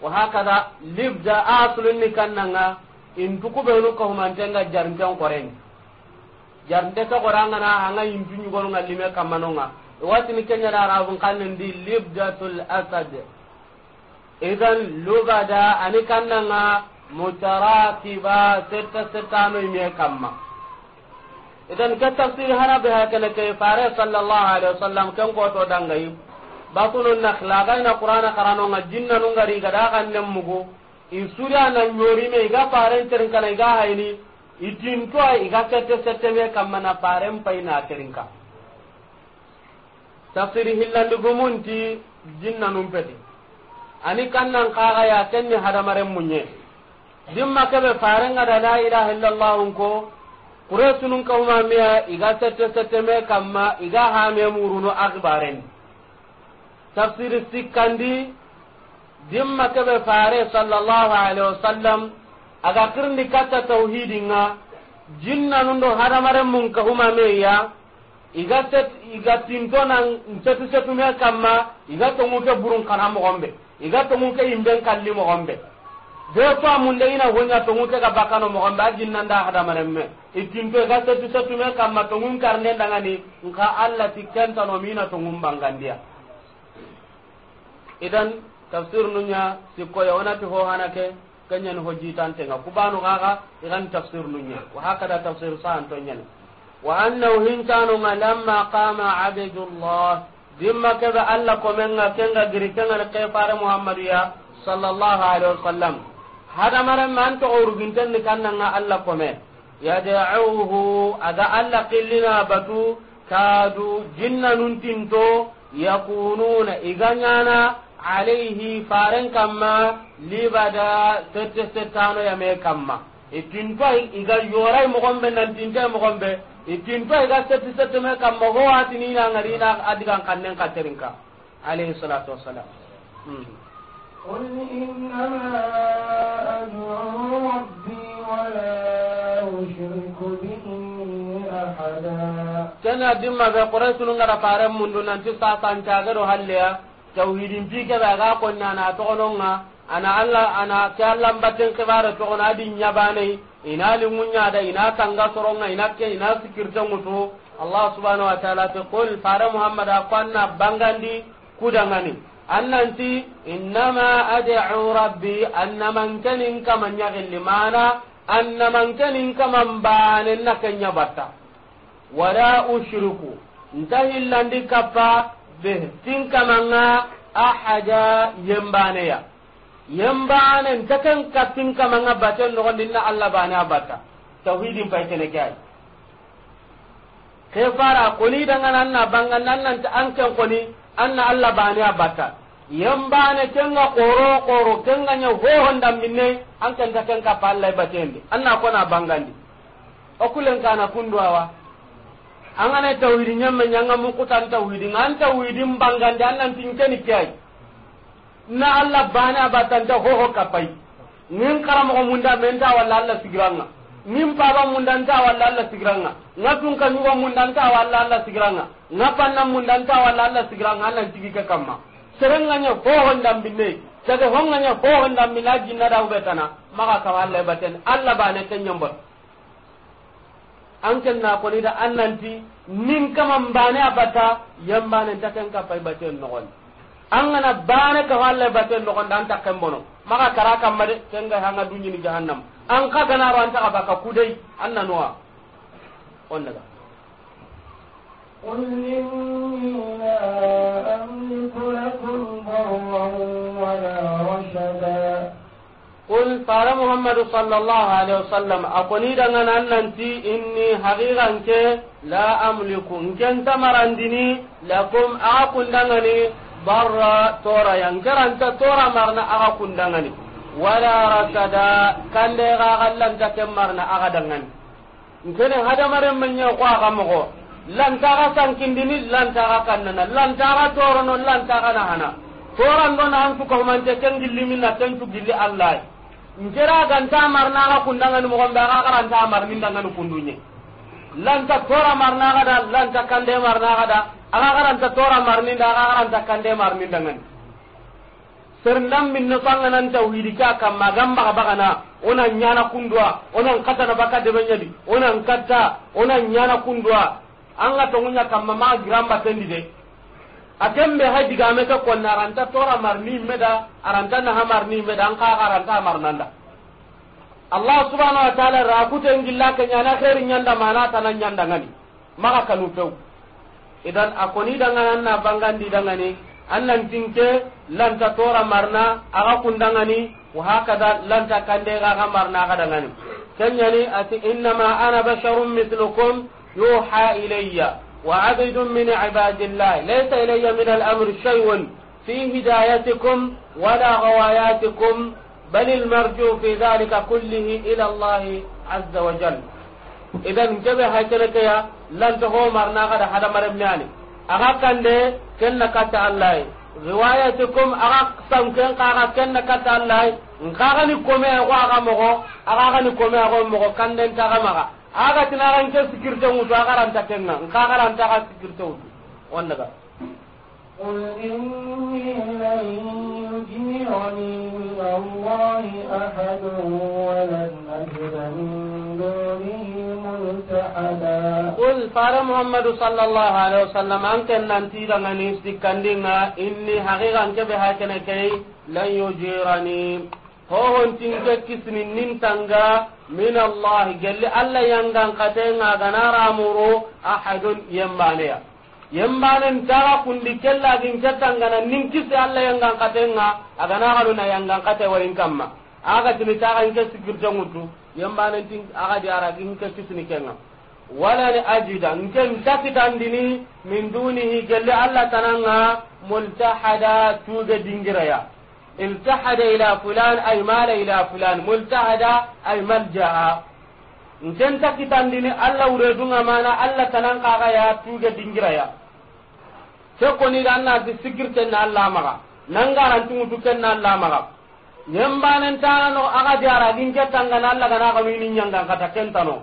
wa hakada libda aslun ni kannanga in tukubenu ko humantenga jarmtan koreni jarnde ke gorangana hanga yimpi ñugonunga lime kammanonga watini keñana arabun kannendi libdatul asad idan lugada ani kannanga mutarakiba setta me kamma idan ke tafsir hana be hakene ke fare sallallahu alaihi wasallam ken koto dangayi batunun nakhla gayna qur'ana qaranonga jinnanungari gada kannen mugu in suri ana ñorime iga faren terin kana iga hayni itintoa iga sette setteɓe kamma na paren payna terinka tafsiri hillandigumunti jinna numpeti ani kannan kaga ya kenni hadamaren munye dimma keɓe farenga da la ilaha illa llah nko kure sununka humamiya iga sette setteme kamma iga hame muruno akibarendi tafsiri sikkandi dimma keɓe fare sallallahu alaihi wa sallam aga kirndi katta tauhidinga jinnanunɗo hadamaren mun kahumameya iga set iga tintona setu setume kamma iga tonguke burun kana mogonɓe iga ke yimɓen kalli mogonɓe des fois munde ina hoña tonguke ga bakkano mogonɓe a jinnanda hadamaren me i tinto iga setu setu setume kamma tongun karne dangani nka allah tikkentanomiina tongun bangandiya idan tafsir nuña sikkoya onati ho hanake kanya no hoji tante ga kubano kaka igan tafsir nunya wa hakada tafsir sa'an to nyani wa annahu hintanu lamma qama abdullah dimma kaza alla ko menga kenga giri kenga ke fare muhammadiya sallallahu alaihi wasallam hada maran man to urgintan ni kannanga alla ko me da'uhu ada alla qillina batu kadu jinna nuntinto yakununa iganyana alayhi faren kamma libada sette settano yame kamma itintoy iga yoray mogonɓe nantintoy mogonɓe itintoy iga sette sette me kamma ho watininangarina adigan kannen katterinka alayhi salatu wassalam قل إنما أدعو ربي ولا أشرك به أحدا كان دم بقريش نغرى فارم منذ ننتي ساسان تاغر هليا tawhidin a ke ga ko na na to ana alla ana ta alla mbaten ke to ona di nyabane ina li da ina tanga soronga ina ke ina sikirta mutu allah subhanahu wa ta'ala ta qul fara muhammad akwanna bangandi kudangani annanti innama ad'u rabbi annaman kanin kaman yagilli mana annaman kanin kaman banin nakanya batta wala ushriku ntahillandi kappa tin kamanga ahaja ya yembane takan ka tinkamanga baten nogondinna allah bane a tauhidin pai kene kai ke fara koni dangana na banga nannanta an ken koni anna allah bane a batta yembane kenga koro koro kenga nya hohondamminne an ken takan ka palle batende anna kona bangandi okulen kana kundu awa an tawhidi nyamma nyanga tan tawhidi ngan tawhidi mbangande annan tinkeni kai na Allah bana batan ta hoho kapai ngin karam ko munda menta wala Allah sigranga ngin paba munda nta wala Allah sigranga ngatun kan yugo munda nta wala Allah sigranga ngapanna munda nta wala Allah sigranga annan tigike kamma serenga nya hoho ndam binne saga ho nga maka baten bana an ken na ko da annanti nin kama mbane abata yam bane taken ka pay baten an angana bane ka walle baten nogon dan takken bono maka karaka made tenga hanga dunyi ni jahannam an ka gana ran ta baka kudai annanwa on daga قل إنما أملك لكم ضرا ولا رشدا قل فار محمد صلى الله عليه وسلم أقني دعنا ننتي إني حقيقة لا أملك إن كنت مرندني لكم أكون دعاني برا تورا ينكر أنت تورا مرنا أكون دعاني ولا ركدا كان لغا غلن تكمرنا أغدعاني إن كان هذا مرن من يقوى غمغو lan taga sankindini lan taga kannana lan taga torono lan taga nahana toran don an fuka humante ken gilli minna ken tu gilli njera ganta marna ga kundangani mogon be min garanta marni dangani kundunye lanta tora marna ga da lanta kande marna ga da aga ta tora marni da aga ta kande marni dangani serndam min no ta tawhidi ka kam magamba ga bagana ona nyana kundwa ona kata na bakade de benyadi ona nkata ona nyana kundwa anga tongunya kam ma gramba tendi de akembe ha digame ke kon naranta tora marni meda aranta na ha marni meda an kaga aranta marnanda allah subhanahu wa ta'ala rakute ngilla ke nyana khairi nyanda mana tana nyanda ngani maka kanu pew idan akoni danganan na bangandi dangani annan tinke lanta tora marna aga kundangani wa hakada lanta kande aga marna aga dangani kenyani ati innama ana basharun mithlukum yuha ilayya وعبد من عباد الله ليس إلي من الأمر شيء في هدايتكم ولا غواياتكم بل المرجو في ذلك كله إلى الله عز وجل إذا انتبه هيتلك يا لن تهو مرنا غدا مرم يعني أغا كان دي كن كتا الله غوايتكم أغا سم كن قاغا كن الله نقاغني كومي أغا مغو أغا غني كومي أغا مغو كان دي تغمغا aga tinaran ke sikirte ngutu agaranta kenna nka agaranta aga sikirte ngutu wanda ga قل إني لن يجيرني من الله أحد ولن أجد من دونه ملتحدا قل فار محمد صلى الله عليه وسلم أنت ننتي لغني استكندنا إني حقيقة كبها كنكي لن يجيرني hohon hohontinke kismin nin tanga min allah gelli nga yangankatenga ganaramuro ahadun yembaneya yembanen taga kundi kella gin ke na nin kisi alla kate nga agana allah yangankatenga aganagaruna yangankate warin kamma agatini taganke sigirte di ara gin araginke kisini kenga wala ni ajida nke tandini min dunihi gelli alla tananga multahada tuge ya التحد إلى فلان أي مال إلى فلان ملتحد أي ملجأ nten ta kitandini alla wuredunga mana alla tanankaga ya tuge dingiraya ke koni da annati sigirtenna alla maga nangarantingutu kenna alla maga yembanentanano aga diara ginkettangana alla ganaganuini ñangankata kentano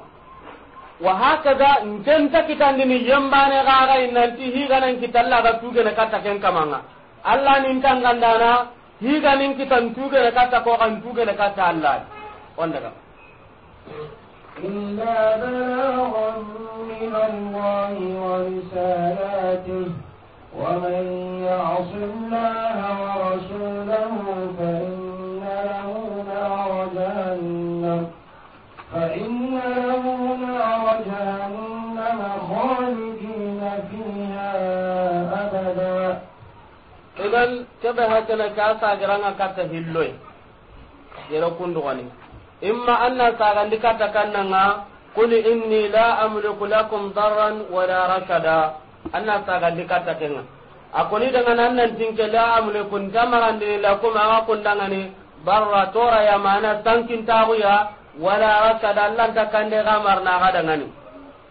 wa hakada nten ta kitandini yembane gagai nanti higanan kitalla aga tugene katta ken kamanga alla nintangandana higanin kita tuge na kata ko kan tuge na kata Allah on daga inna balaghan min Allah wa risalati wa man ya'sul Allah wa rasulahu fa inna lahu jahannam fa inna lahu jahannam khalidina fiha idan kebe hakana ka sagaranga katta hilloy yero kundugani imma anna kanna katta kannanga in inni la amliku lakum darran wala rashada anna sagandi katta kenga akoni daga nan nan tinke la amliku tamarandi lakum awa ni barra tora ya mana tankin taguya wala rashada allan takande ni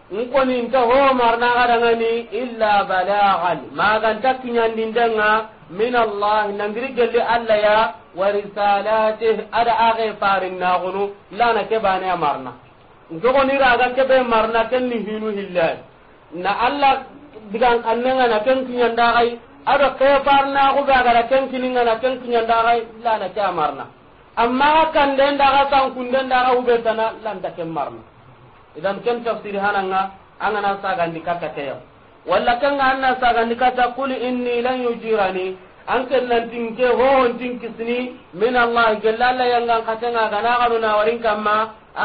in kuni ta ho marna ni illa balagan maganta dindanga min allah nangiri gelli alla ya wa risalatihi ada age farin na gunu lana ke bane marna ndogo ni raga ke marna ken ni hinu hillal na alla digan kannenga na ken kinyanda gai ado ke farna go ga ga ken kininga na ken kinyanda gai lana ke marna amma kan den daga tan kun den daga ube tana landa ke marna idan ken tafsir hananga angana saga ndikaka ke yau walla kanga anna ni kata qul inni lan yujirani an kan kellantin ke hohontin kisini min allah gella kata yangan katenga ga na warin kamma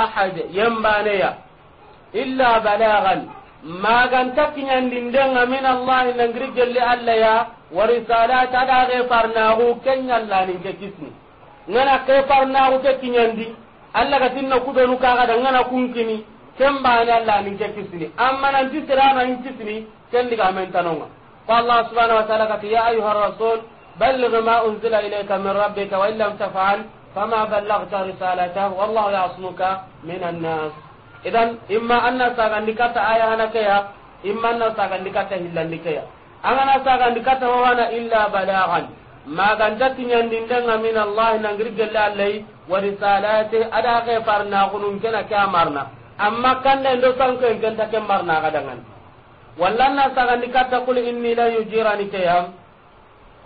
ahad ya illa balagan maganta kiñandindenga min allah gri gelli allah ya wa risalat ada ke parnaku ni ke kisni ngana ke hu ke kiñandi allah gatinna ka ga ngana kunkini kembane ni ke kisni amma nanti ni kisni ken diga men tanonga fa allah subhanahu wa ta'ala ka ya ayuha rasul balligh ma unzila ilayka min rabbika wa illam taf'al fama ballaghta risalatahu wallahu ya'simuka min an-nas idan imma anna sagandi kata aya hanake ya imma anna sagandi kata hillandi ya angana sagandi kata wana illa balaghan maganta tiñandindenga min allahi na gelle allahi wa risalati ada ke parnaxunun kena ke a marna amma kanda ndo sankoen kenta ke marnaxa dangani walla na sagandi katta kul inni lan yujirani keyam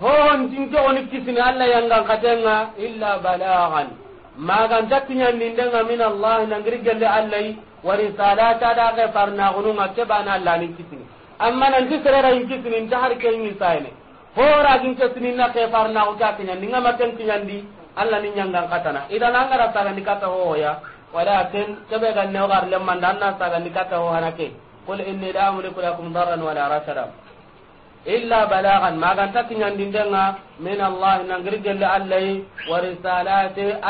hohontinke oni kisini allah yangan katenga illa balagan maganta kiñandindenga min allah nangiri gelle allahy wa risalata ke farnagununga ke bana allani kisini amma nanti sererayin kisini nta har keñi sayne horagin kesininna ke farnagu ke a kiñandi ngama ken kiñandi allah ni ñangan katana idan angara sagandi katta hohoya walakin keɓe ganneogar lemmanda anna sagandi katta hohana ke qul inni la illa balagan magan takiñandindenga min allah nangiri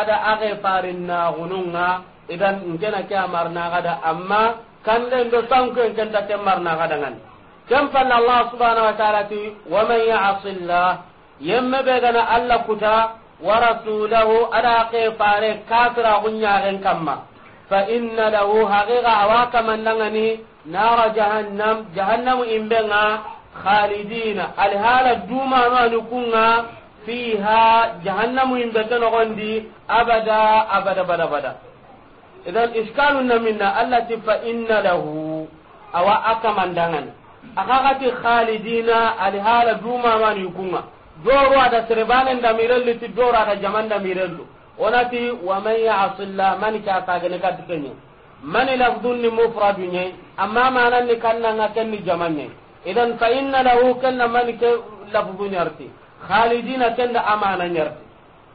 ada age farinnagununga idan nkena ke amarnagada amma kanlen do sankuen kenta ken marnagadangani ken panna allah subhanau wa taala ti waman yasi llah yemme ada age fare kafiraguñagen kamma fa inna lahu haqiqa nara jahannam jahannamu nga khalidina alhala duma no anukunga fiha jahannamu imbeke gondi abada abada bada bada idan na minna allati fa inna lahu awa akamandangan akakati khalidina alhala duma no anukunga doro ada serbanen damirelli ti doro ada jamanda damirellu onati waman ya'sillah man ka kagene kadkenyo man lafdun ni mufradu nye amma manan ni kanna nga ken ni jaman nye idan fa inna lahu kanna man ke lafdun yarti khalidina kenda amana yarti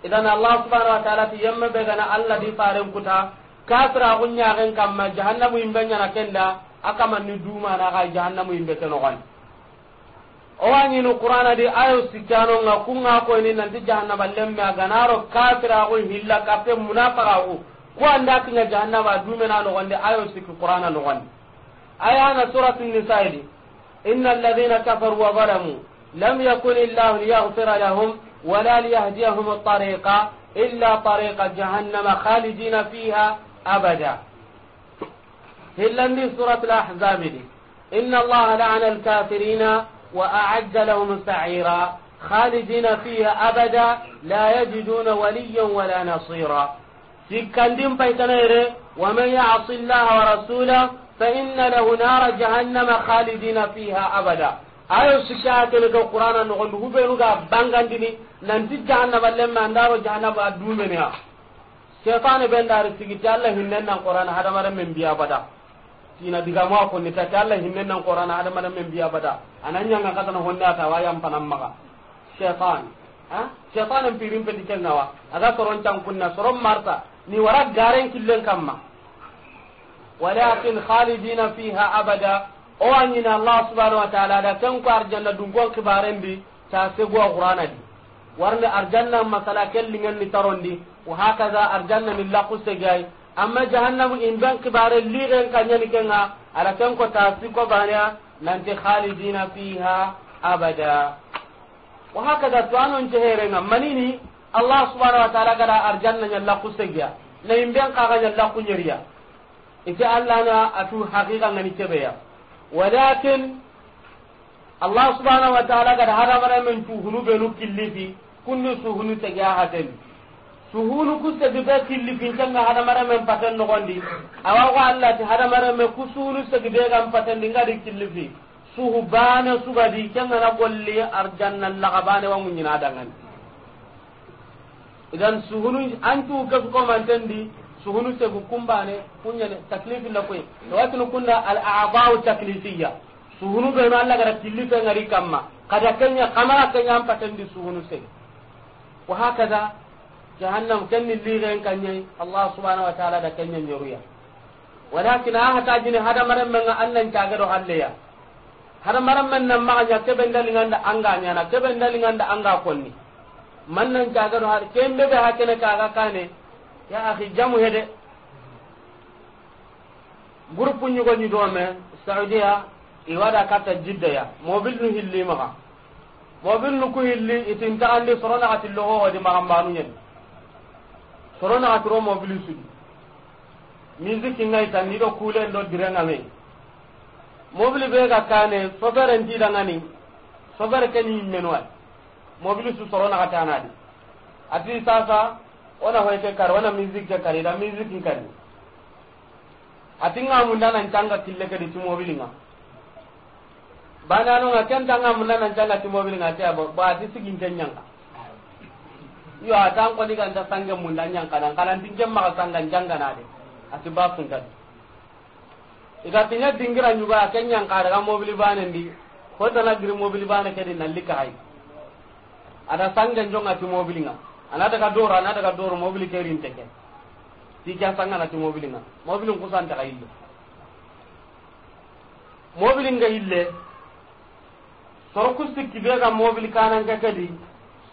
idan allah subhanahu wa ta'ala ti yamma be gana allah di faren kuta kafira gunya gen kamma jahannamu imbe nyana kenda akama ni duma na ga jahannamu imbe ken ogan o wani no qur'ana di ayo sikano nga kunga ko ni nanti jahannaba lemme aganaro kafira gun hilla kafe munafaqa ko anda kinga jahannama dumena nogondi ayo sikki qur'ana nogondi ayana suratu nisaidi inna alladhina kafaru wa zalamu lam yakun illahu liyaghfira lahum ولا ليهديهم الطريق إلا طريق جهنم خالدين فيها أبدا هلندي سورة الأحزاب دي إن الله لعن الكافرين وأعد لهم سعيرا خالدين فيها أبدا لا يجدون وليا ولا نصيرا sikkandin paytana yere waman yasi llaha wa rasula fainna lahu nara jahannama khalidina fiha abada ayo sikki hakene ga qur'ana nogondi huɓenuga bangandini nanti jahannaba lemme andaro jahannaba a dumeniha setane ɓe ndari sigiti allah hinnen nan qur'ana hadamaren men biya bada tina digamo a konni tati allah hinnen nan qur'ana hadamaren men biya bada anan ñanga katana honne atawa yampanan maga setan a setanen pirin peti kengawa aga soron cankunna soron marta ni wara garen killen kamma walakin khalidina fiha abada o anyina allah subhanahu wa ta'ala da tan ku arjanna dungon kibaren bi ta se go qur'ana di warne arjanna masala kellingen ni tarondi wa hakaza arjanna min la qusegay amma jahannam in ban kibare kanya ni kenga ala tan ko ta si ko bana nanti khalidina fiha abada wa hakaza to anon jeherenga manini allah subhanahu wa ta'ala gara arjanna nyalla kusegiya na imben kaga nyalla kunyeriya ite allah na atu haqiqa ngani kebeya walakin allah subhanahu wa ta'ala gara haramara men tuhunu benu killiti kunni suhunu tegiya hateni suhunu kuste gibe killi finkenga hadamareme paten nogondi awago allati hadamareme ku suhunu segibe gan patendi ngadi killi fi suhu bane sugadi kengana golli arjanna laga bane wa muñina dangani idan suhunu tu gasu ko tandi suhunu kumba ne kunya taklifi na koy to watin kunna al a'dha'u taklifiyya suhunu ga ma Allah gara tilli pe ngari kamma kada kanya kamara kenya patendi suhunu segu wa hakaza jahannam li ga kanya Allah subhanahu wa ta'ala da kanya nyoruya walakin a hata jini hada maran men Allah ta ga do halleya hada maran man nan ma nya kebe ndalinga anda anga nya na kebe ndalinga anda anga konni man nan kaga do har kembe be hakene kaga kane ya akhi jamu hede groupe ni ko ni do me saudiya iwada kata jidda ya mobil nu hilli maka mobil nu ku hilli itin ta andi sorona ati logo ho di magambanu ni. sorona ati ro mobil su music ngai tan ni do kule do diranga me mobil be ga kane sobere ndi dangani sobere kenyi menwa mobile su soro na kata na di ati sasa ona hoye ke kar ona music ke kar ida music ni kar ati nga munda nan tanga kille ke di tu mobile nga bana no nga kan tanga munda nan tanga tu mobile nga ta ba ati sigin tanya nga yo atan ko diga nda sanga munda nyang kana kana tinjem maka sanga janga na de ati ba sun tadi iga tinya dingira nyuga kan nyang kada mobile banen di ko dana gir mobile banen ke di nalika hai ada sangen jonga ti mobilinga anata ka dora daga ka doro mobili kerin teke ti kya sanga na ti mobilinga mobilin kusan ta kayi mobilin nga ille soro kusti kibe ga mobili kanan ka kadi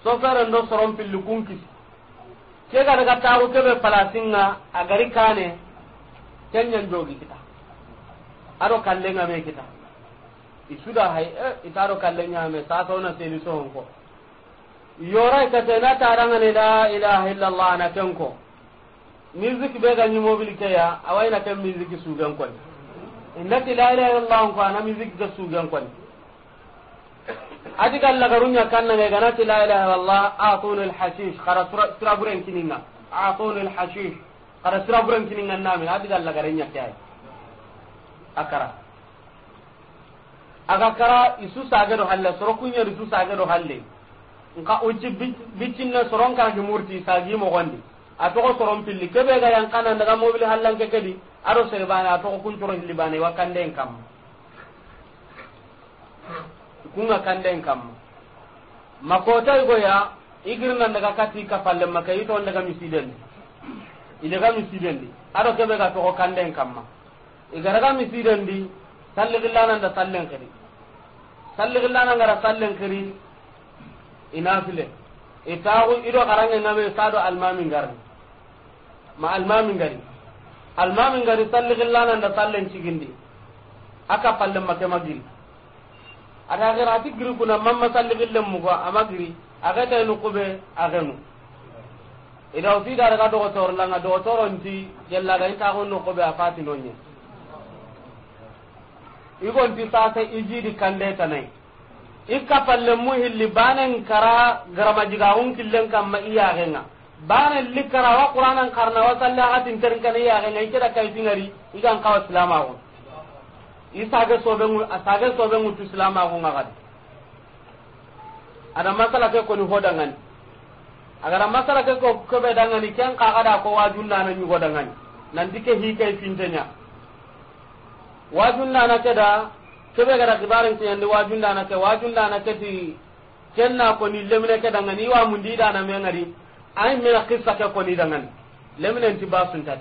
so fere ndo soron pilli kunkisi ke ga daga ke tawo kebe palasinga agari kane kenyan jogi kita aro kallenga me kita isuda hay e eh, itaro kallenga me sa to na seli so honko yoray kate na tarangani la ilaha illa allah na tanko music be ga ñimobili keya awayna ken musique sugen koni innati la ilaha illa allah ko ana musique ga sugen koni adi gallagaruña kannanga ganati la ilaha illa allah atunu lhashish xara siraburen kininga sura lhashish xara siraburen kininga namin adi garunya ke ay akara aga kara isu sagedo halle soro kunya isu sagedo halle nka uci biccinne soron karagi murti sagi mogondi atogo soron pilli kebe ga yan kana daga mobile hallanke kedi ado sebane atogo kuncoro hillibane wa kanden kamma kunga kanden kamma makotai goya igirna daga kati kafalle maka ito daga i misidendi idaga misidendi ado kebe ga togo kanden kamma igaraga misidendi salligillananda sallen kedi salligillanangara sallen kedi inafile itagu e, ido karange name sado almamin garni ma almamin gari almamin gari salli gillana nda sallen cigindi aka palle make magiri ada gara ati giri kuna mamma salli gillen mugo amagiri aga tay nu kube agenu ida fi dara ga dogo tor langa dogo toro nti yalla ga ita gonno kube a nonye igon ti sase ijidi kande nai. ikapalle mu hilli banen kara garama hun killen kamma iyaxenga banen li likara wa qur'anan karna wa salla kan iya henga ikira kai kaytingari igan kawa silamaxun isage soɓengu asage soɓengu tu silamaxunga ngad ada masala ke ni hodangan agar masala ke koɓe dangani ken kaxada ko na wajunnana ñugodangani nanti ke hikay na na keda kebe gara kibarin ti yande wajun na ke wajun na ke ti kenna ko ni lemne ke daga ni wa mundi na me ngari ay me na kissa ke ko ni danga lemne ti basun tat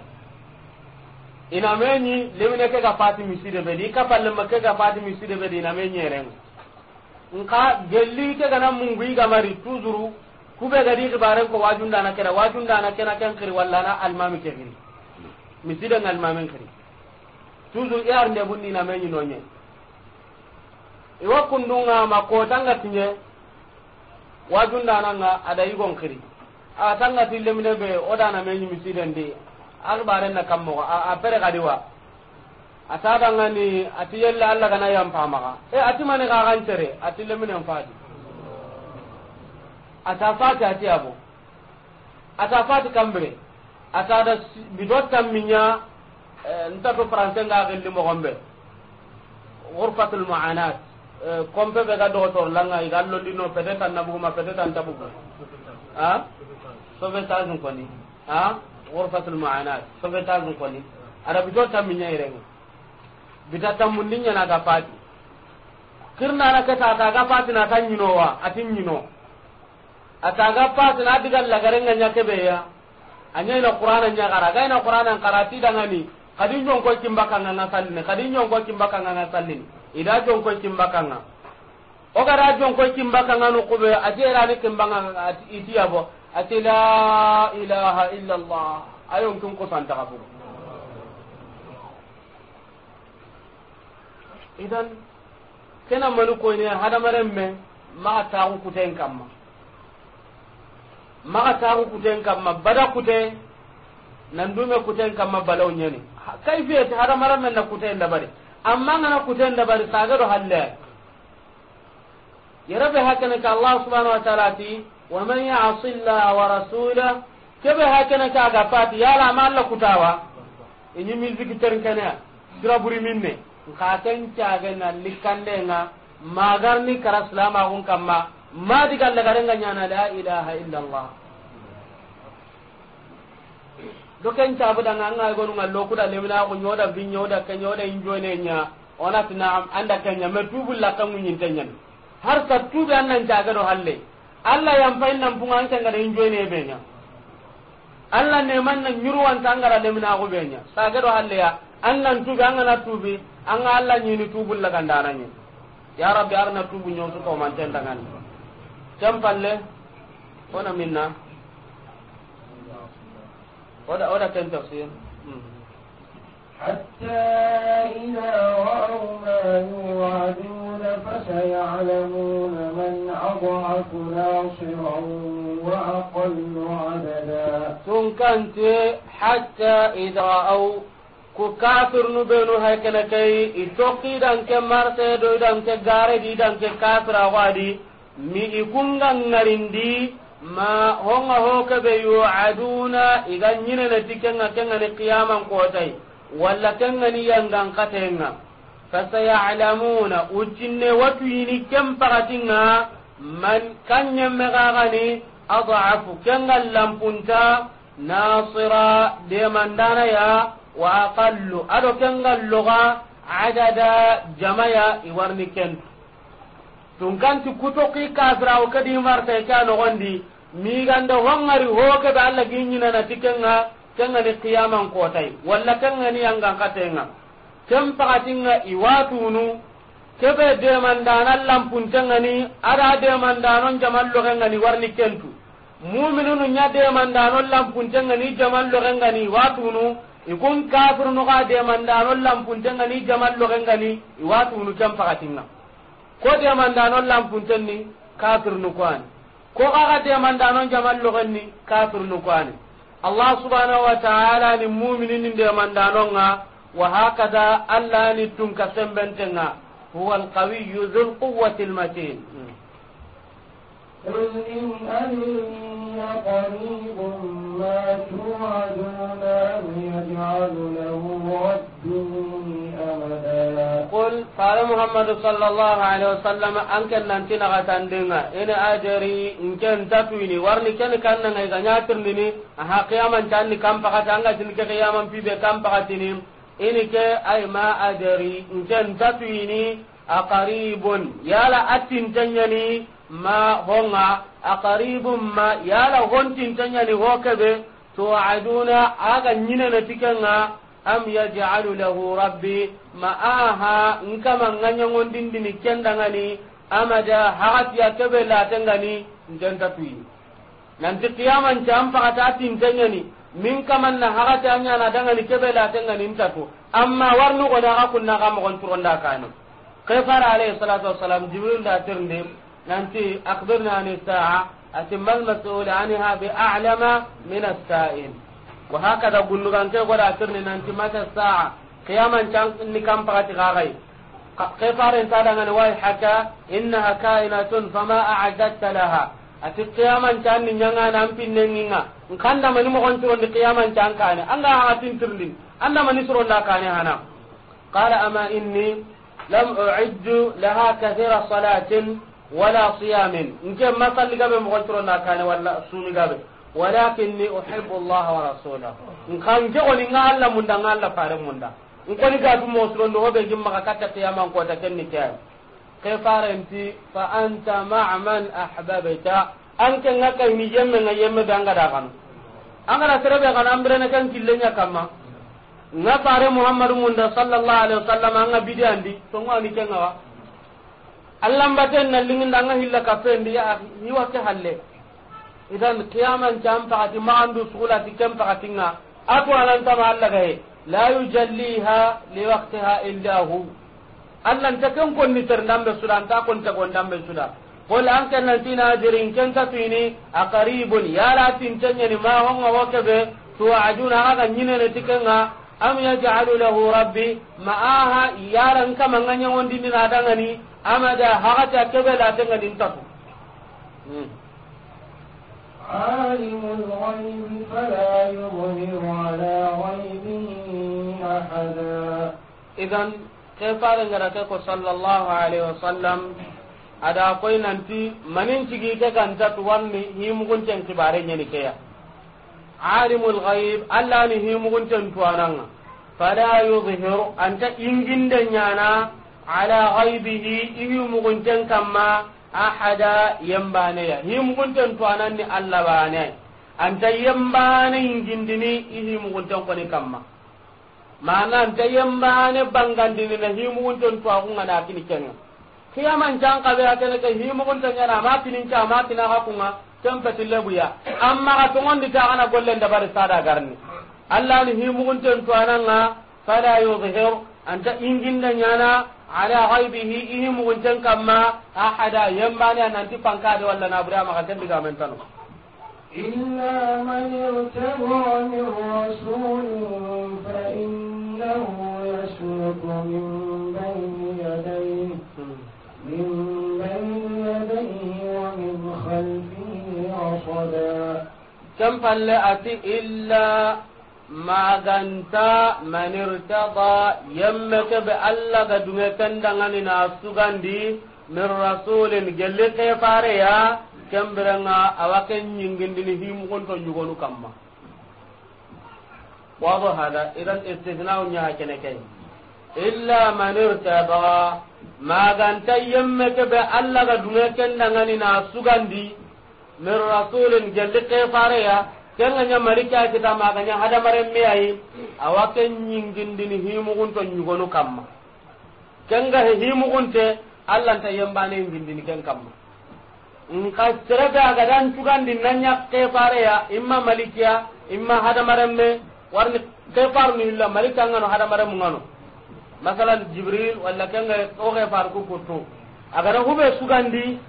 ina me ni lemne ke ga pati miside be ni ka palle makke ga pati miside be na me ni reng nka gelli ke ga na mungu ga mari tuzuru be ga di kibaren ko wajun na ke da wajun na ke na ken walla na almami ke khiri miside ngal mamen kiri tuzuru yar ne bunni na me ni nonye iwa kundunga ma kotanga tinye wajundananga ada yigon kiri a tanga tillemine be o dana me ñimisidendi na kammogo a pere kadiwa ata dangani ati yelle allah gana yampamaga e ati mani kaxancere ati leminen fadi ata fati ati abo ata fati kambire ata da bido tammiña eh, ntato français nga xelli mogonɓe gurfatul muanat kompe be ga dogotor langa i londi dino pete tan na buma pete tan ta bugu ha sobe tazun koni ha ghurfatul ma'anat sobe tazun koni ada bito taminya irenga bita tamundinya na ga pati kirna na kata ta ga pati na tan nyinowa atin nyino ata ga pati na diga lagarenga nya kebe ya anya ila qur'ana nya gara ga ina qur'ana karati dangani kadin nyon ko kimbaka ngana sallini kadin nyon ko kimbaka ngana sallini ida jon ko kanga o gara jon ko kanga no be ajera ne kimbanga iti yabo ati la ilaha illa allah ayon kun ko santa ka furu idan kena manu ko ne hadamaren me ma ta ku kuten kamma ma ta ku kuten kamma bada kute nan dume kuten kamma balaw nyani kaifiye hadamaren men na kuten da bare amma ngana kuten da bari saga do halle yarabe hakana ka allah subhanahu wa ta'ala ti wa man ya'si allah wa rasula kebe hakana ka ga fati la ma allah kutawa inyi music terin kana sira buri minne ka ta ga na likande nga magarni kara salama kun kamma ma diga lagarenga nyana la ilaha illallah do ken ta bu danga nga gonu ngallo kuda lemina ko nyoda bin nyoda ka nyoda injone nya ona tina anda ken nya me tubul la kan nyin tenya har ta nan annan jaga do halle alla yam fain nan bunga an tanga da injone be nya alla ne man nan nyurwan tangara lemina ko be nya ga do halle ya nan tubi an na tubi an alla ni tubul la kan nya ya rabbi arna tubu nyoto ko man tanga ni jampalle ona minna ولا ولا كان تفسير حتى إذا رأوا ما يوعدون فسيعلمون من أضعف ناصرا وأقل عددا ثم كانت حتى إذا رأوا كافر نبنو هكذا كي itoki dan ke marte do dan ke gare di dan ke kafir awadi mi ngarindi ma honga hokebe aduna iga ñineneti kenga kengani qiyaman kotai walla kengani yangankatenga fasayalamuna watu watuyini ken pakatinga man kanñemme kakani adafu kenga lampunta nasira demandanaya wa aqallu aɗo kenga loga adada jamaya iwarni kentu tun kanti ki kasra o kadi marta e kano gondi mi ganda hongari ho ke da Allah ginyina na tikenga kenga ni qiyamang ko tai walla kenga ni yanga katenga kem pakatinga iwatunu kebe de mandana lampun tenga ni ada de mandanon lo kenga ni warni kentu mu'minunu nya de mandanon lampun tenga ni jamal lo kenga ni watunu ikun kafir no ga de mandanon lampun tenga ni jamal lo kenga ni iwatunu kem pagatinga ko diamandanon lampuntenni kafir nukuani ko kaka diamandanon jaman logenni kafir nukuani allah subhanahu wa ta'ala ni mu'mininin diamandanonga wa hakada allah ni tun ka sembentenga huwa alqawiyyu dhul quwwati almatin قل إن أدري قريب ما توعدون أم يجعل له رد قل قال محمد صلى الله عليه وسلم أنك ننتي نغتندنا إن أجري إن كان تطويني ورني كان كان نغيزا ناترني أها قياما كان كم فقط أنك تنك قياما في بكم فقط ini ke ay ma adari nten tatuini aqaribun yala atin tanyani ma honga aqaribun ma yala hontin tanyani hokebe to aduna aga nyine na am yaj'alu lahu rabbi ma'aha nkama nganyongondindini kendangani amada hakatiya tengani latengani ntentatuyini nanti kiyamanca an ati atintenyani min kaman na hakati a ñana dangani kebe tengani ntatu amma warnu gona ka kunna ka mogonturonda kano kefara alayhi salatu wassalam jibril da tirndi nanti akbirna ani saa ati mas'ul anha bi a'lama min as-sa'il wa hakada gundugan ke goda tirni nanti mata saa qiyaman can ni kam pagati gagai ke faren ta daga ne wai haka innaha kainatun fama a'adatta laha ati qiyaman can ni nyanga nan pinne nginga nkanda mani mo gonto ni qiyaman can kane anga ha tintirlin anda mani suro nda kane hana qala ama inni lam u'iddu laha kathira salatin wala siyamin nke masalliga be mo gonto nda wala ni uhibbu allah wa rasulahu nkan jogoni nga alla munda nga alla fare munda nkoni do be hoɓe ka katta qiyamankota kenni keay fare farenti fa anta maa man ahbabta anke nga kayni da nga kan an ga kanu be kan kanu ambirene kan killenya kamma nga fare muhammadu munda sallallahu alaihi wasallam anga bidi andi tongo ani kenga wa allambaten na da nga hilla fe ndiya ni ke halle idan qiyaman kan ma maandu sugula ti kan pakati nga atu alan ta alla gaye la yujalliha li waqtiha illa hu allan ta kan kon ni ter ndambe sudan ta kon ta kon ndambe sula qul an kan tina jirin kan ta tini aqribun ya la tin tanya ni ma hon wa kebe tu ajuna aga nyine ne tikanga am yaj'alu lahu rabbi ma'aha yaran kama nganya wondi ni nadangani amada haga ta kebe la tanga din tatu عالم الغيب فلا يظهر على غيبه أحدا إذا kefare ngara ke ko sallallahu alaihi wasallam ada koy nanti manin cigi ke kan tat wanni himu guncen kibare nyani ke ya alimul ghaib alla ni himu guncen tuananga fala yuzhiru anta inginde nyana ala ghaibihi himu gunten kamma ahada yambane ya himugunten to ananni allah bane anta yembane ingindini ko ni kamma mana anta yambane bangandini na himugunten to akunga na kini kenga kiyaman ka kabe akene ke himugunten ya ma tinin ca ma kina hakunga tempeti lebuya amma ka ngondi ta golle nda bare sada garni allah ni himugunten to ananga fala yuzhir anta inginda nyana على غيبه إهم وانتن كما أحدا يماني أن أنت فانكاد ولا نابريا ما قلت بقى من تنو إلا من يتبع من رسول فإنه يسوق من بين يديه من بين يديه ومن خلفه رصدا كم فلأت إلا maganta manirtada yemme kebe allah ga dunge kendangani na sugandi min rasulin gelle ke fareya kembirenga awa ken ñingindini to ñugonu kamma wado hada idan istithnau ñaha kene key illa man irtada maganta yemme kebe allah ga dunge kendangani na sugandi min rasulin gelle ke ya. kenga nya marika kita maganya hada mare me ayi awake nyingindini himu gunto nyugonu kamma kenga himu gunte allah ta yembane nyingindini ken kamma nka serebe aga dan tugandi nanya kefare ya imma malikiya imma hada mare me warni kefar ni la malika ngano hada mare mungano masalan jibril walla kenga o kefar ku to. agata huɓe sugandi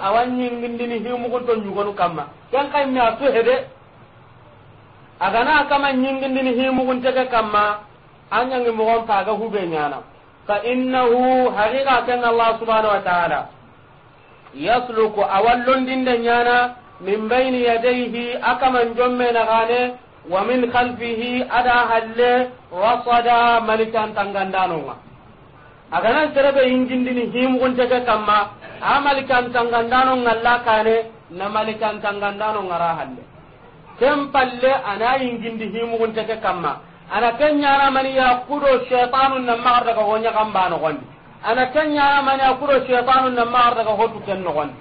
awañingindini himugunto ñugonu kamma ken kaimme a suhede agana kama ñingindini himuguntege kamma a ñangi mogon paga huɓe ñanam fa innahu haqiqa ken allah subhanau wa taala yasluku awallondinde ñana min bayni yadayhi a kaman jommenagane wa min halfihi ada halle wasada manitantangandanonga aganan serebe hingindini himugunteke kamma a malikantangandano ngalla kane na malikantangandano ngara halle ken palle ana hingindi himugunteke kamma ana ken ñanamani yakudo sheitanu nammagar daga kamba no gon ana ken kudo yakudo na nammagar daga hotu ken gon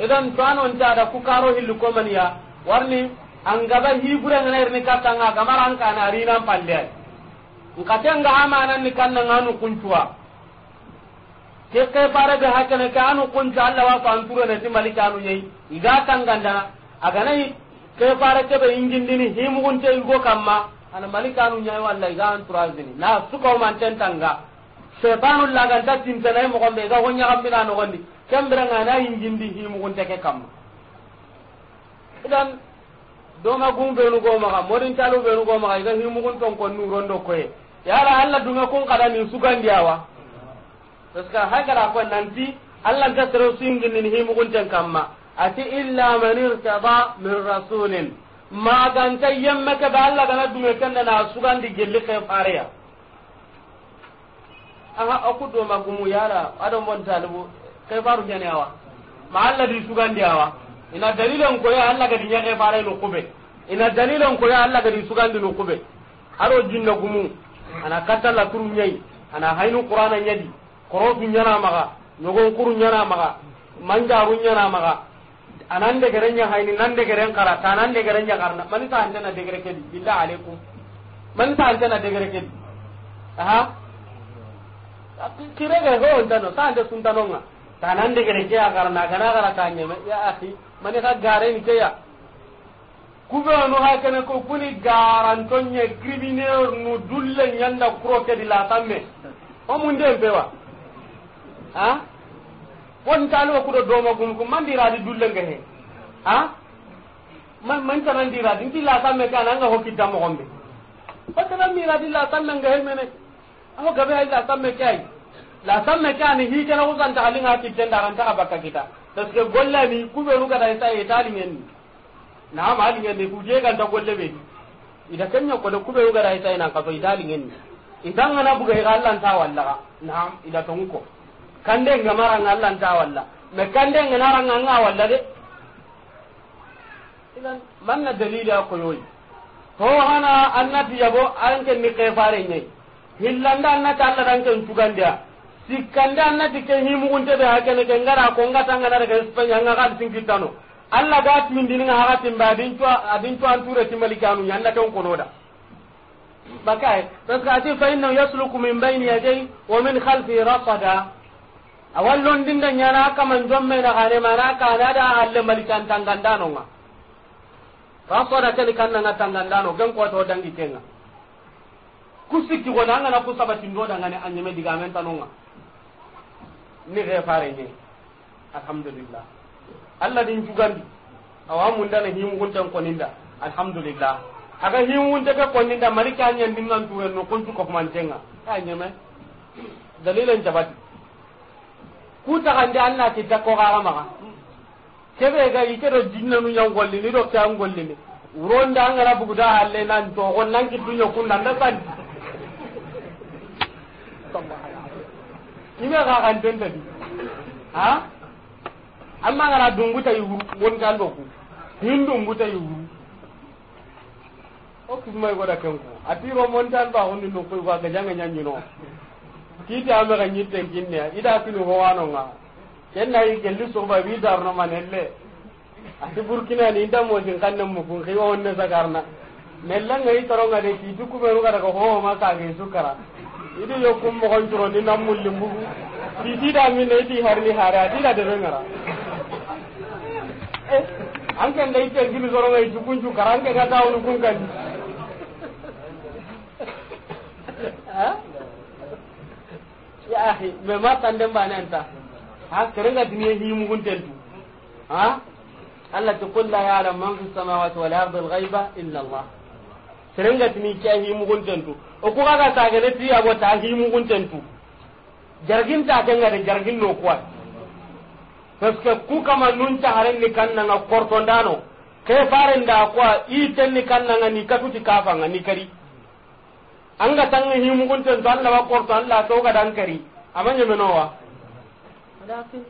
idan to anonti da ku karo mani ya warni angaba hiburengana irini kattanga gamara an kana arinan palle nga nkatenga hamananni kannanga anu kuncuwa ke ke farabe hakene ke anu kuncu allah wa fantureneti malike anu ñayi iga tangandana aganayi ke fara keɓe ingindini himugunte igo kamma ana malike anu ñayi walla iga zini na sukomanten tanga setanu laganta tintenayi mogonɓe iga ho ñagambina nogondi kembirenga na ingindi himugunte ke kamma idan donga gum benu go maga modin talu benu go ma ga himu gon ton kon nuron do koye yala alla dunga kon kada ni sugan diawa paska hakala ko nanti alla ga su singin ni himu gon tan kamma ati illa man irtaba min rasulin ma gan tayyamma ka ba alla ga dunga kan na sugan di gelli kay fareya aha aku do ya yala adon bon talu kay faru wa ma alla di sugan wa. ina dalilan ko ya Allah ga dinya fara lu kube ina dalilan ko ya Allah ga disugandi lu kube aro jinna gumu ana katalla turu nyai ana hainu qur'ana nyadi korobu na maga nyogon kuru nyana maga manjaru nyana maga anande gerenya haini nande geren kara garen gerenya karna man ta na de gereke di billah alaikum man ta na de gereke di aha kirege ho ndano ta ande sundanonga ke gereke akarna kana kara tanyeme ya akhi mani ka gare ni keya kubenu ha kene ko kuni garantonye criminel nu dulle nyanda kuro kedi latamme o munde mbewa ha won tali wa kudo doma gum ko mandi radi dulle ngehe ha man man tanan di radi ndi latamme kana nga hokita mo gombe o tanan mi radi latamme ngehe mene aho gabe la latamme kai latamme kani hi kana ko santa halinga kitenda ran ta abaka kita parce que golla ni kubenu kada ita itali e ngen na ma ali ngen ku je kan ta golle be ida kenya ko da kubenu kada ita ina ka to itali ngen idan ana buga e ga Allah ta walla na ida to ko kande ngamara Allah ta walla me kande ngara nganga walla de idan manna dalila ko yoyi to hana annati yabo an ken ni kefare nyai hillanda annata Allah dan ken tugandia sikkande annati ke himugunteɓe ha kene ke ngara ko ngatangana daga espagne anga xaɗi sinkitano allah ga timindininga haxa a adin cu an ture timalikanu ñanda ken konoda bakai parce que ati fa inna yasluku min bayni yadayhi wa min halfihi rasada awan londinda ñana kaman jommena xane mana na da halle malikan tangandanonga rasada keni kannanga tangandano gen to dangi kenga ku sikki gona angana ku sabatindodangani a ñeme digamen tanonga ni ke fare ne alhamdulillah allah din jugandi awa mun dana himu kuntan koninda alhamdulillah aga himu kuntan ka koninda mari ka nyen nan tuwe no kuntu ko mantenga ka nyeme dalilan jabati ku ta kan da allah ti dako gara maka kebe ga ike do dinna nu yang golli ni do ta ngolli ni uronda angara bugu da halle nan to on nan ki dunya kun nan da ban ime ga kan tenta di ha amma ngara dunguta yi wuru won kan do ku hin dunguta yi wuru o kisma ko goda kan ko ro mon tan ba honni no ko ga janga nyanyi no kiti ame ga nyitten kinne ida kinu ho wano nga kenna yi gelli so ba bi dar no manelle ati burkina ni inda mo sin kanne mu kun ki wonne sagarna mellan ngai toronga de ti ku beru ga ko ho ma ka ge sukara idi yo kum mo gon tro ni namul limbu di di da ne di harli hara di da de ngara eh an kan dai ke gini zoro ngai jukun ju karan ke kata wani kun kan ya ahi me ma tan den ba nan ta ha ga diniye hi mu gun tentu ha Allah ta kullu ya alam man fi samawati wal ardi al ghaiba illa Allah serengatini ke himuguntentu oku kaga ne ti agota himuguntentu jarginta kengade jargin no kuwa paske que ku kama nun na korto ndano ke farenda kuwa i kannanga ni katuti na ni kari anga tanga himuguntentu allah wa korto allah dan kari amanyemenowa lakin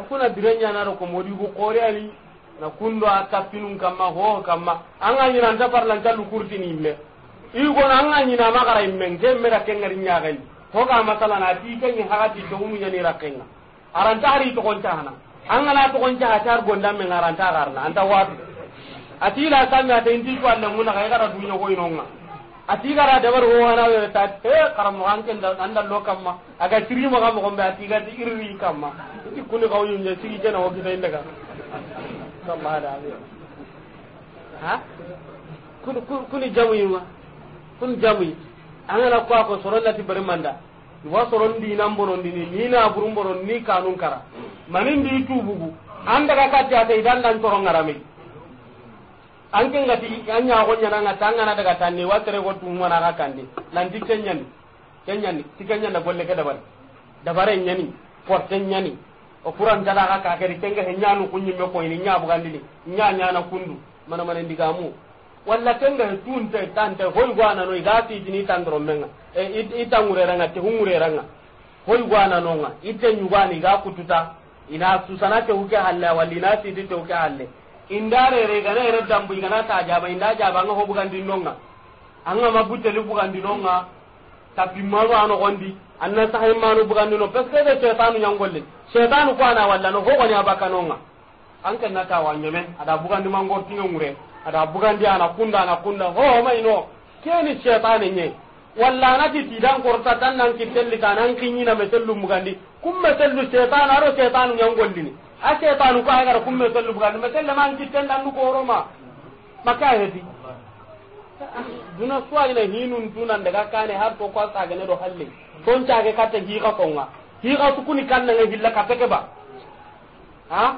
okuna ko komodigu ali na kundo a kappinun kamma ho kamma anga nyina nta parla nta lukurti ni me i go na anga nyina ma gara imme nge me da kengari nya gai ho ka masala na ti kenyi hakati to mu nyani rakenga aranta hari to konta hana anga na to konta tar gonda me ngaranta garna anta watu ati la sami ata inti ko alla nguna kai gara dunya ko inonga ati gara da bar ho hana we ta te eh, karamo anken da anda lo kamma aga tiri mo ga mo gombe ati ga irri kamma ti kuni ka uyun je sigi jena wo kitai ndaga sallallahu alaihi ha kun kun jamu yi an jamu angana ko ko soron lati bari manda wa soron di nan boron di ni na burun boron ni kanun kara manin di bugu. an daga ka ta ta idan nan toron ngarami an kin gati an ya gonya nan ta ngana daga tanne wa tare ko tun wana ka kande nan di kenyan kenyan ti kenyan da bolle ka dabar dabare nyani ko nyani o kuran tala ka ka kari tenga he nyanu kunyi me ko ini nyabu gandini nya nyana kundu mana mana ndigamu walla tenga he tunte tante hoy gwana no igati dini tandro menga e itangure ranga te hungure ranga hoy gwana no nga ite nyugani ga kututa ina susana te uke halla walli na ti te uke halle indare re gana re dambu ngana ta jaba inda jaba nga hobu gandinonga anga mabuteli nonga. tapimmanu anogondi anna sahimmanu bugandino parce que ɓe setanu ñangolle setanu ko ana wallano hogoni abakanonga an kenna tawa ñeme aɗa bugandi mangortiñe ŋure ada bugandi ana kunda ana kunda hohomayno keni setane ñe walla anati tidan korta tan nan kittelli ka nan kiñina me sellu mugandi kumme sellu setanu aɗo setanu ñangollini a setanu ko agara kumme sellu bugandi me selle man kittendannu koroma maka heti duna suwagina hinun tunan daga kane har to kwa ne do halle ton tage katta hiqa konga hiqa kuni kan nan hilla take ba ha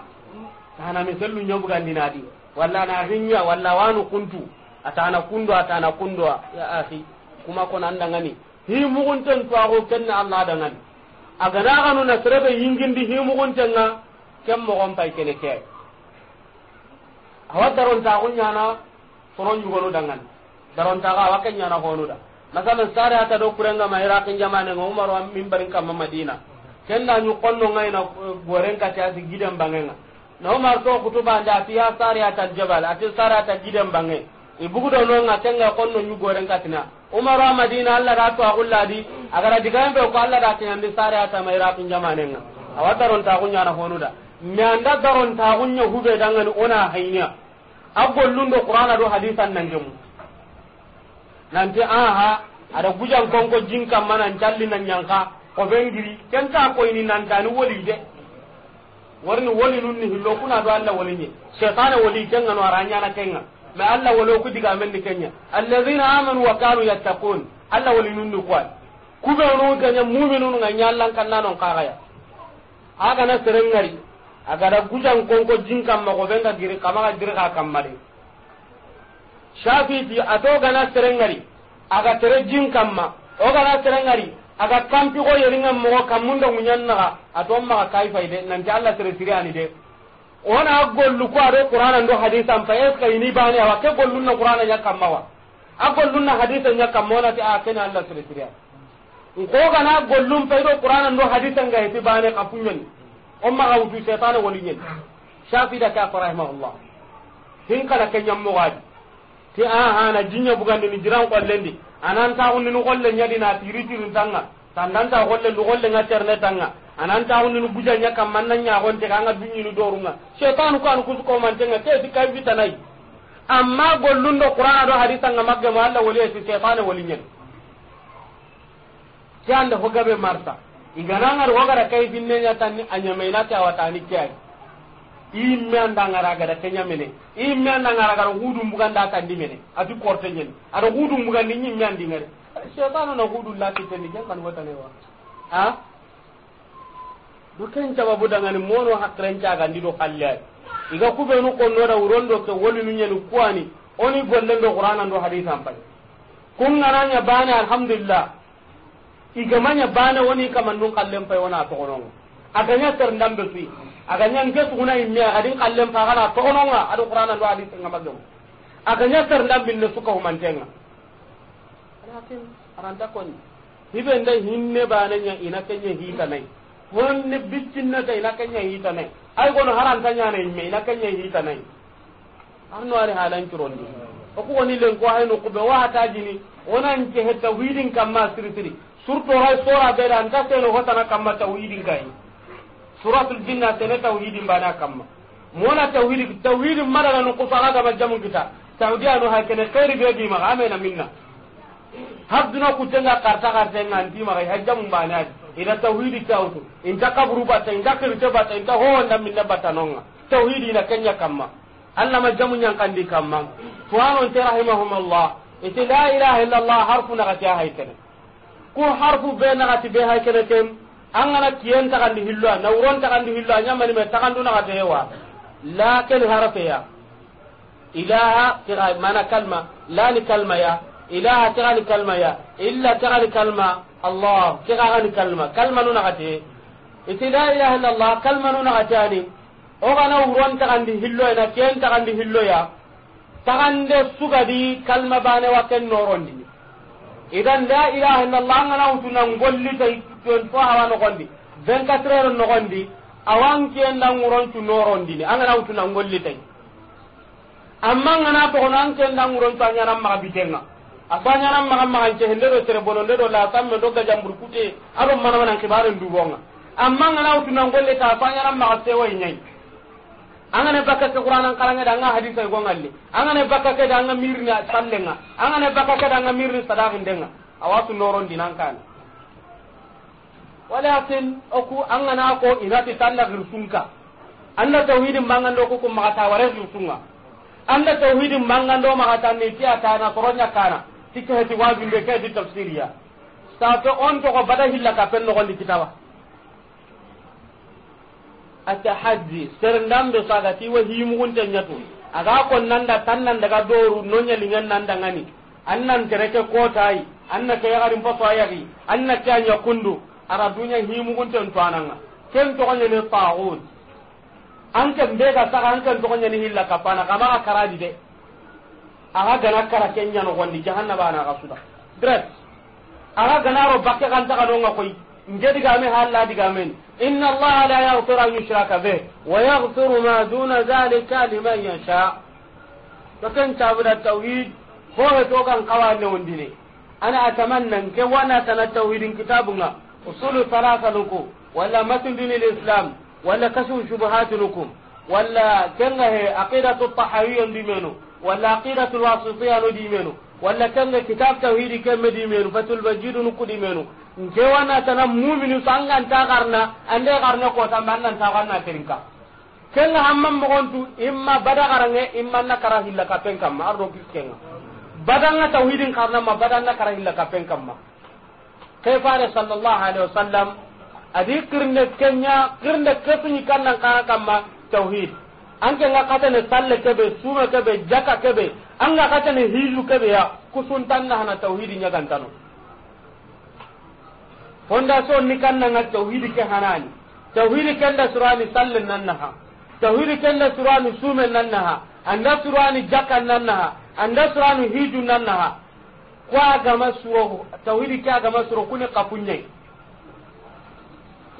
tana nyo nyobu ni nadi walla na hinya walla wanu kuntu atana kundu atana kundu ya akhi kuma ko nan ngani. hi mugun tan to ago kenna Allah dangani aga na ganu na yingin yingindi hi mu tan na kem mo gon pai kene ke awadaron ta gunya na toron yugo no dangani darontaga awa yana ñana da masalan sare ata do kurenga ma iraqin jamane ngo wa min barin ma madina kenna ñu konno na goren eh, ka ta giden bangenga na umar to kutuba nda ya sare ata jabal ati sare ata giden bangenga ibugudo nonga kenga konno ka tina umaru wa madina allah da to agulladi agara digan be ko allah da tiñandi sare atama iraqin nga awa darontaxuñana honuda mi anda darontaxuña hube dangani ona hayniya a lundo qur'ana do hadisan nangemu nanti aha ada bujan konko jinkan mana ncalli nan nyangka ko bengiri ken ta ko ini nan tani woli de warni woli nun ni hillo kuna do Allah woli ni setan woli kenga no aranya na kenga ma Allah wolo ku diga men ni kenya alladhina amanu wa kanu yattaqun Allah woli nun ni kwa be no ganya mu'minun nga nyallan kan nanon kagaya aga na serengari aga da gujan konko jinkan ma ko benga giri kama ga giri ka kamari shafiti ato gana serengari aga tere jin kamma o gana serengari aga kampi ko yeringa mo kamunda munyanna ato ma kai faide nanti Allah tere siri ani de ona gollu ko ado qur'ana ndo hadisa am fa es kai ni bani wa ke gollu na qur'ana ya kamma wa a gollu na hadisa ya kamma na ti a kana Allah tere siri ani ko gana gollum fa do qur'ana ndo hadisa nga ti bani kapunyen o ma ga wutu shaytan woni nyen shafi da ka rahimahullah hin kala kenyam mo wadi ti a na jinya bugandi ni jiran kollendi anan ta unni nu kolle nyadi na tiri tiri tanga tandan ta kolle lu kolle nga terne tanga anan ta unni nu buja nya kam manna nya gon te kanga binni nu dorunga setan ko an kusu ko man nga te ti kai vitanai amma gollun do qur'an do hadisa nga magga ma Allah wali ti setan wali nyen janda hogabe marta igana ngar wogara kai binne nya tanni anya meina ta watani kai imme anda ngara gara kenya mene imme anda ngara gara hudu mbugan da kan mene ati korte nyen ada hudu mbugan ni imme andi ngare setan na hudu la ti tendi jam kan wata lewa ha do ken jaba budanga ni mono hakren jaga ndi do halle iga kube no konno da urondo ke woli nu nyenu kwani oni golle do qur'ana do hadithan pai kun ngaranya bana alhamdulillah igamanya bana woni kamandun kallen pai wana to aganya ndambe betui aganya nge tuna imya adin kallen pa kana to wa adu qur'ana do hadis ngam bagam aganya terndam binne suka humantenga rakin aranta kon hibe nda hinne bananya ina kenye hita nai bitin na kai na kenya hita nai ay gono tanya ne imme ina kenya hita nai anno ari halan o ko woni len ko hayno ko be wata jini onan ke hetta widin kamma siri siri surtout hay sora be dan ta selo hotana kamma tawidin kai suratul jinna tene tauhidin bana kamma mona tauhid tauhid mara nan ko fara ga jamu kita tauhid anu hakene khair be di ma amena minna habduna kutenga karta karta nganti ma hay jamu bana ida tauhid tautu inta kabru bata inta kirte bata inta ho nda minna bata nonga tauhid ina kenya kamma alla ma jamu nyang kandi kamma fuhanu ta rahimahumullah ita la ilaha illallah harfu na ga ta haytene ko harfu be na ga ti be haykene tem an gana kiyen tagandi hilloa nawron tagandi hilloa ñamanime tagandunaxa tehewa la ken harafeya ilaha tiga mana kalma la ni kalma ya ilaha tigani kalma ya illa tigani kalma allah tigagani kalma kalma nu nagate iti la ilaha illa allah kalma nu nagateani ogana wuron tagandi hilloyna ken tagandi hilloya tagande sugadi kalma bane wa ken ni. idan la ilaha illa allah angana wutunangollitai 24 hour nogondi 24 heures nogondi awan kenda nguroncu norondini angana wutuna ngolli tay amma ngana togono an kenda nguroncu a ñanan maxa bitenga aso a ñanan maxa maxance nde ɗo sere bono nde ɗo lasamme do gajambur kute aɗo manamanan xibaren dubonga amma ngana wutuna ngolli ta aso a ñanan maxa sewoy ñayi e angane bakka ke qur'anan karange da anga hadisa e go anga ne bakka ke da anga mirni sallenga ne bakka ke da anga mirni sadaqin denga awatu noron dinan kana walakin oku angana ko inati tanda girsunka anna tauhidin bangando ko kuma ta ware girsunga anna tauhidin bangando ma ta ne ti ata na koronya kana tikka ti wajin be kai tafsiriya sa to on to ko bada hilla ka penno ko kitaba atahaddi serndam do saga ti wa himu unta nyatu aga kon nanda nan daga doru nonya lingan nanda ngani annan kereke kotai anna ke ya arin ayagi anna ke ya kundu ara dunya himugunten twananga ken toxoñene taxut an ken be ga saxa an ken toxoñene hilla kapana xamaxa karadi de axa gana kara ken ñanoxondi jahannabanaxa suda direct axa ganaro bakke xantaxanonga koy ngedigame ha alla men inna allaha la yaghfiru an yushraka bih wa yaghfiru ma duna zalika liman yasha to ken tauhid tawhid hohe to kan kawannewondine ana atamannan ke wana tana tauhidin kitabunga usulu thalatha nuku wala matn din islam wala kashu shubuhat nuku wala kenga he aqidatu tahawiyya dimenu wala aqidatu wasitiyya no dimenu wala kenga kitab tauhid kemme dimenu fatul bajidu nuku dimenu ngewana tana mu'minu sangan ta garna ande garna ko ta mannan ta garna terinka kenga hamma mogontu imma badagarange imma nakara hilla kapen kamma ardo kiskenga badanga tawhidin karna ma badanga kara hilla kapen kamma ke fare sallallahu alaihi wasallam adi kirnde kenya kirnde kefini kannan kaka kamma tauhid an anke nga katane salle kebe sume kebe jaka kebe anga ne hiju kebe ya kusun tan kusuntanna hana kan tanu honda so ni kan kannanga tauhid ke hanani tauhid ke da surani salle tauhid ke da surani sume nannaha anda surani jaka nan na nannaha anda surani hiju nan na ha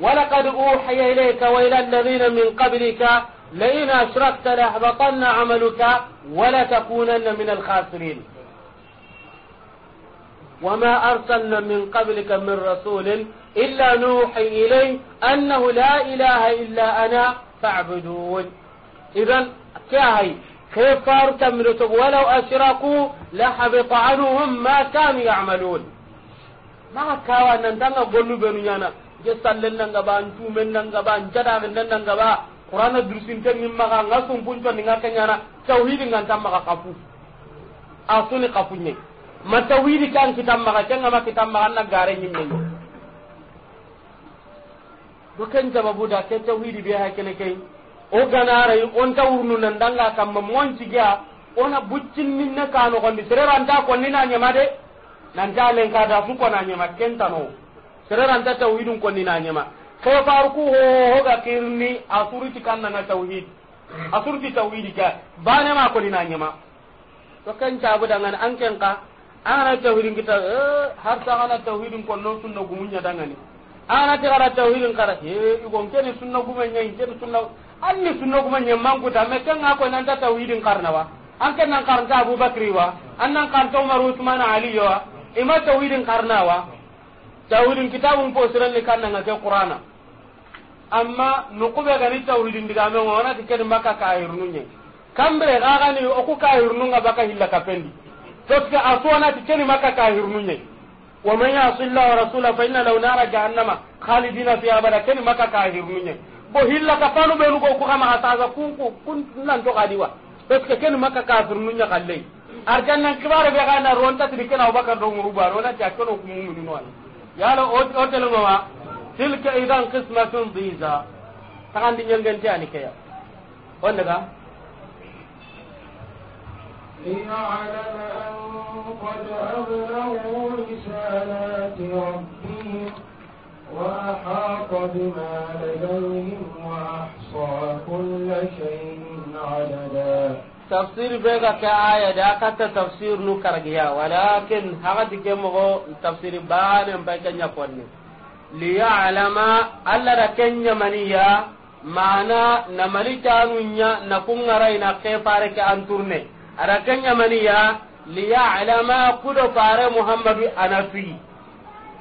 ولقد أوحي إليك وإلى الذين من قبلك لئن أشركت ليحبطن عملك ولتكونن من الخاسرين وما أرسلنا من قبلك من رسول إلا نوحي إليه أنه لا إله إلا أنا فاعبدون إذا كاهي كفار تمرتك ولو أشركوا لحبط عنهم ما كانوا يعملون ما كاوا نندنا قلوا بنيانا جسال لنا نغبا انتوم نغبا انجدا من نغبا قرآن درسين تنين مغا نغسون بنتو نغا كنيانا توحيد نغانتا مغا قفو أصول قفو ني ما توحيد كان كتاب مغا كان ما كتاب مغا نغاري نمين بكن جبابو دا كتوحيد بيها كنكين o ganarai onta wurnunan danga kamma moncigia ona buccin buccinninne kanogondi sereranta konni na nyama de nanta lenkada su kona ñema kentano sereranta tawhidun konni na ñema kefaru ku ga kirni asuriti na tawhid asuriti ne ma ko koni na nyama to ken cabudangani an ken ka angana tawhidin kita eh, har sa angana ko konno sunna gumunya dangani ta ana tawhidin kara he eh, igon kene sunna in kene sunna ni sunno kuma nyemman kuta me kan ga ko nan ta tawhidin karna wa an kan nan karanta abubakri wa an nan karanta umar usman ali wa ima tawhidin karna wa tawhidin kitabun po siran ni kan nan ga qur'ana amma nukube ga ni tawhidin diga me wona ti ken maka ka irnunye kambre ga ga ni o ku ka irnunga baka hilla ka pendi to ka asona ti ken maka ka irnunye wa man yasi Allah wa rasula fa inna law nara jahannama khalidina fiha bada ken maka ka nye. ko hilla ka panu be ko kuxa maxa sasa kunku kun nan to gadi nantokadiwa parce que kenu makka kafir nu ñakalley arjannan kibare ɓe xana rontatini kena aboubacar do ŋurubaar onati mun keno ya yala o o tele telemama tilka idan qismatun disa taxandi ñelgente ani keya on ndega ليعلم أن قد أبلغوا رسالات ربهم وأحاط بما لديهم وأحصى كل شيء عددا تفسير بيغا كآية داكت تفسير نكرجيا ولكن هغتي كمغو تفسير بان بيكا نيقوني ليعلم ألا كن منيا معنا نملي تانوnya nakungaraina kefare ke anturne ara kenya maniya liya'lama kudo fare muhammadu anafi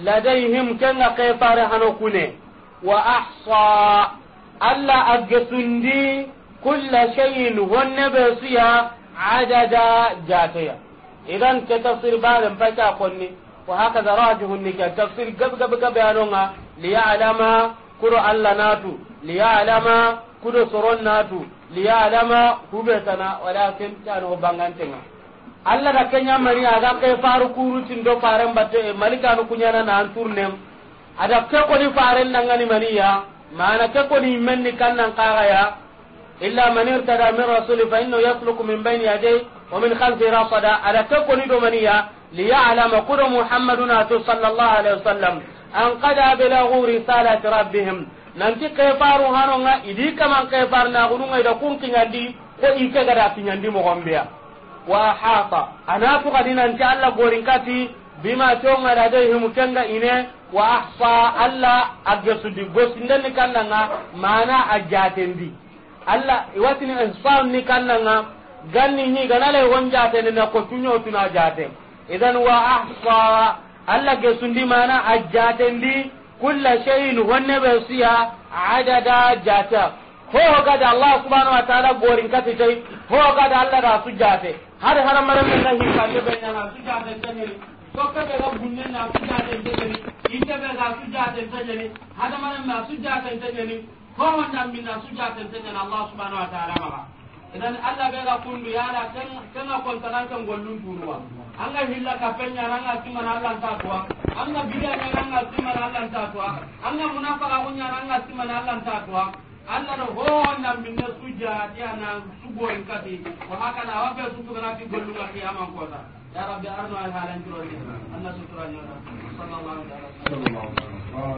ladayhim kenga kefare hano kune wa ahsa alla aggesundi kulla shayin honne be suya adada jateya idan ke tafsir baren fata konni wa hakaza rajihun nika tafsir gab gab gab yanonga liya'lama kuro alla natu liya'lama kudo soron natu liya'lama hubetana walakin tano bangantenga allah da kenya mari aga ke faru kuru tin do faren batte malika no kunyana na anturnem ada ke ko ni faren nangani maniya mana ke ko ni menni kannan kaga ya illa man irtada min rasul fa innahu yasluku min bayni yadayhi wa min khalfi rasada ada ke ko ni do maniya liya'lama qura muhammadun atu sallallahu alaihi wasallam an qad ablagu risalati rabbihim nanti kefaru hanonga idi kaman kefar na gununga da kunki ngandi ko ike gada tinyandi mo gombeya wa hafa anatu kadina nti alla gorin kati bima tonga da dai himu kenga ine wa hafa alla agesudi gosindani kannanga mana ajatendi alla iwatini ihsan ni kannanga ganni ni ganale wonjatene na ko tunyo tuna jate idan wa hafa alla gesundi mana ajatendi kulla shay'in wonne be siya adada jata ho kada allah subhanahu wa ta'ala gorin kati tay ho kada allah da sujjate har har maran min hin ka ne bayan na sujjate taniri to ka be ga bunne na sujjate taniri inte be ga sujjate taniri hada maran ma sujjate taniri ho wanda min na sujjate taniri allah subhanahu wa ta'ala ma idan allah be ga kundu yala kan kan kon tanan kan gollun turuwa anga hilla ka penya ranga simana allah ta tuwa anga bidia ranga simana allah ta tuwa anga munafaqa kunya ranga simana allah ta tuwa Anda no ho na min na suja ya na subo en kati wa haka na wafe su tu ganati gollu ma kiyama ko ta ya rabbi arnu al halan jurodi anna sutra ni sallallahu alaihi wasallam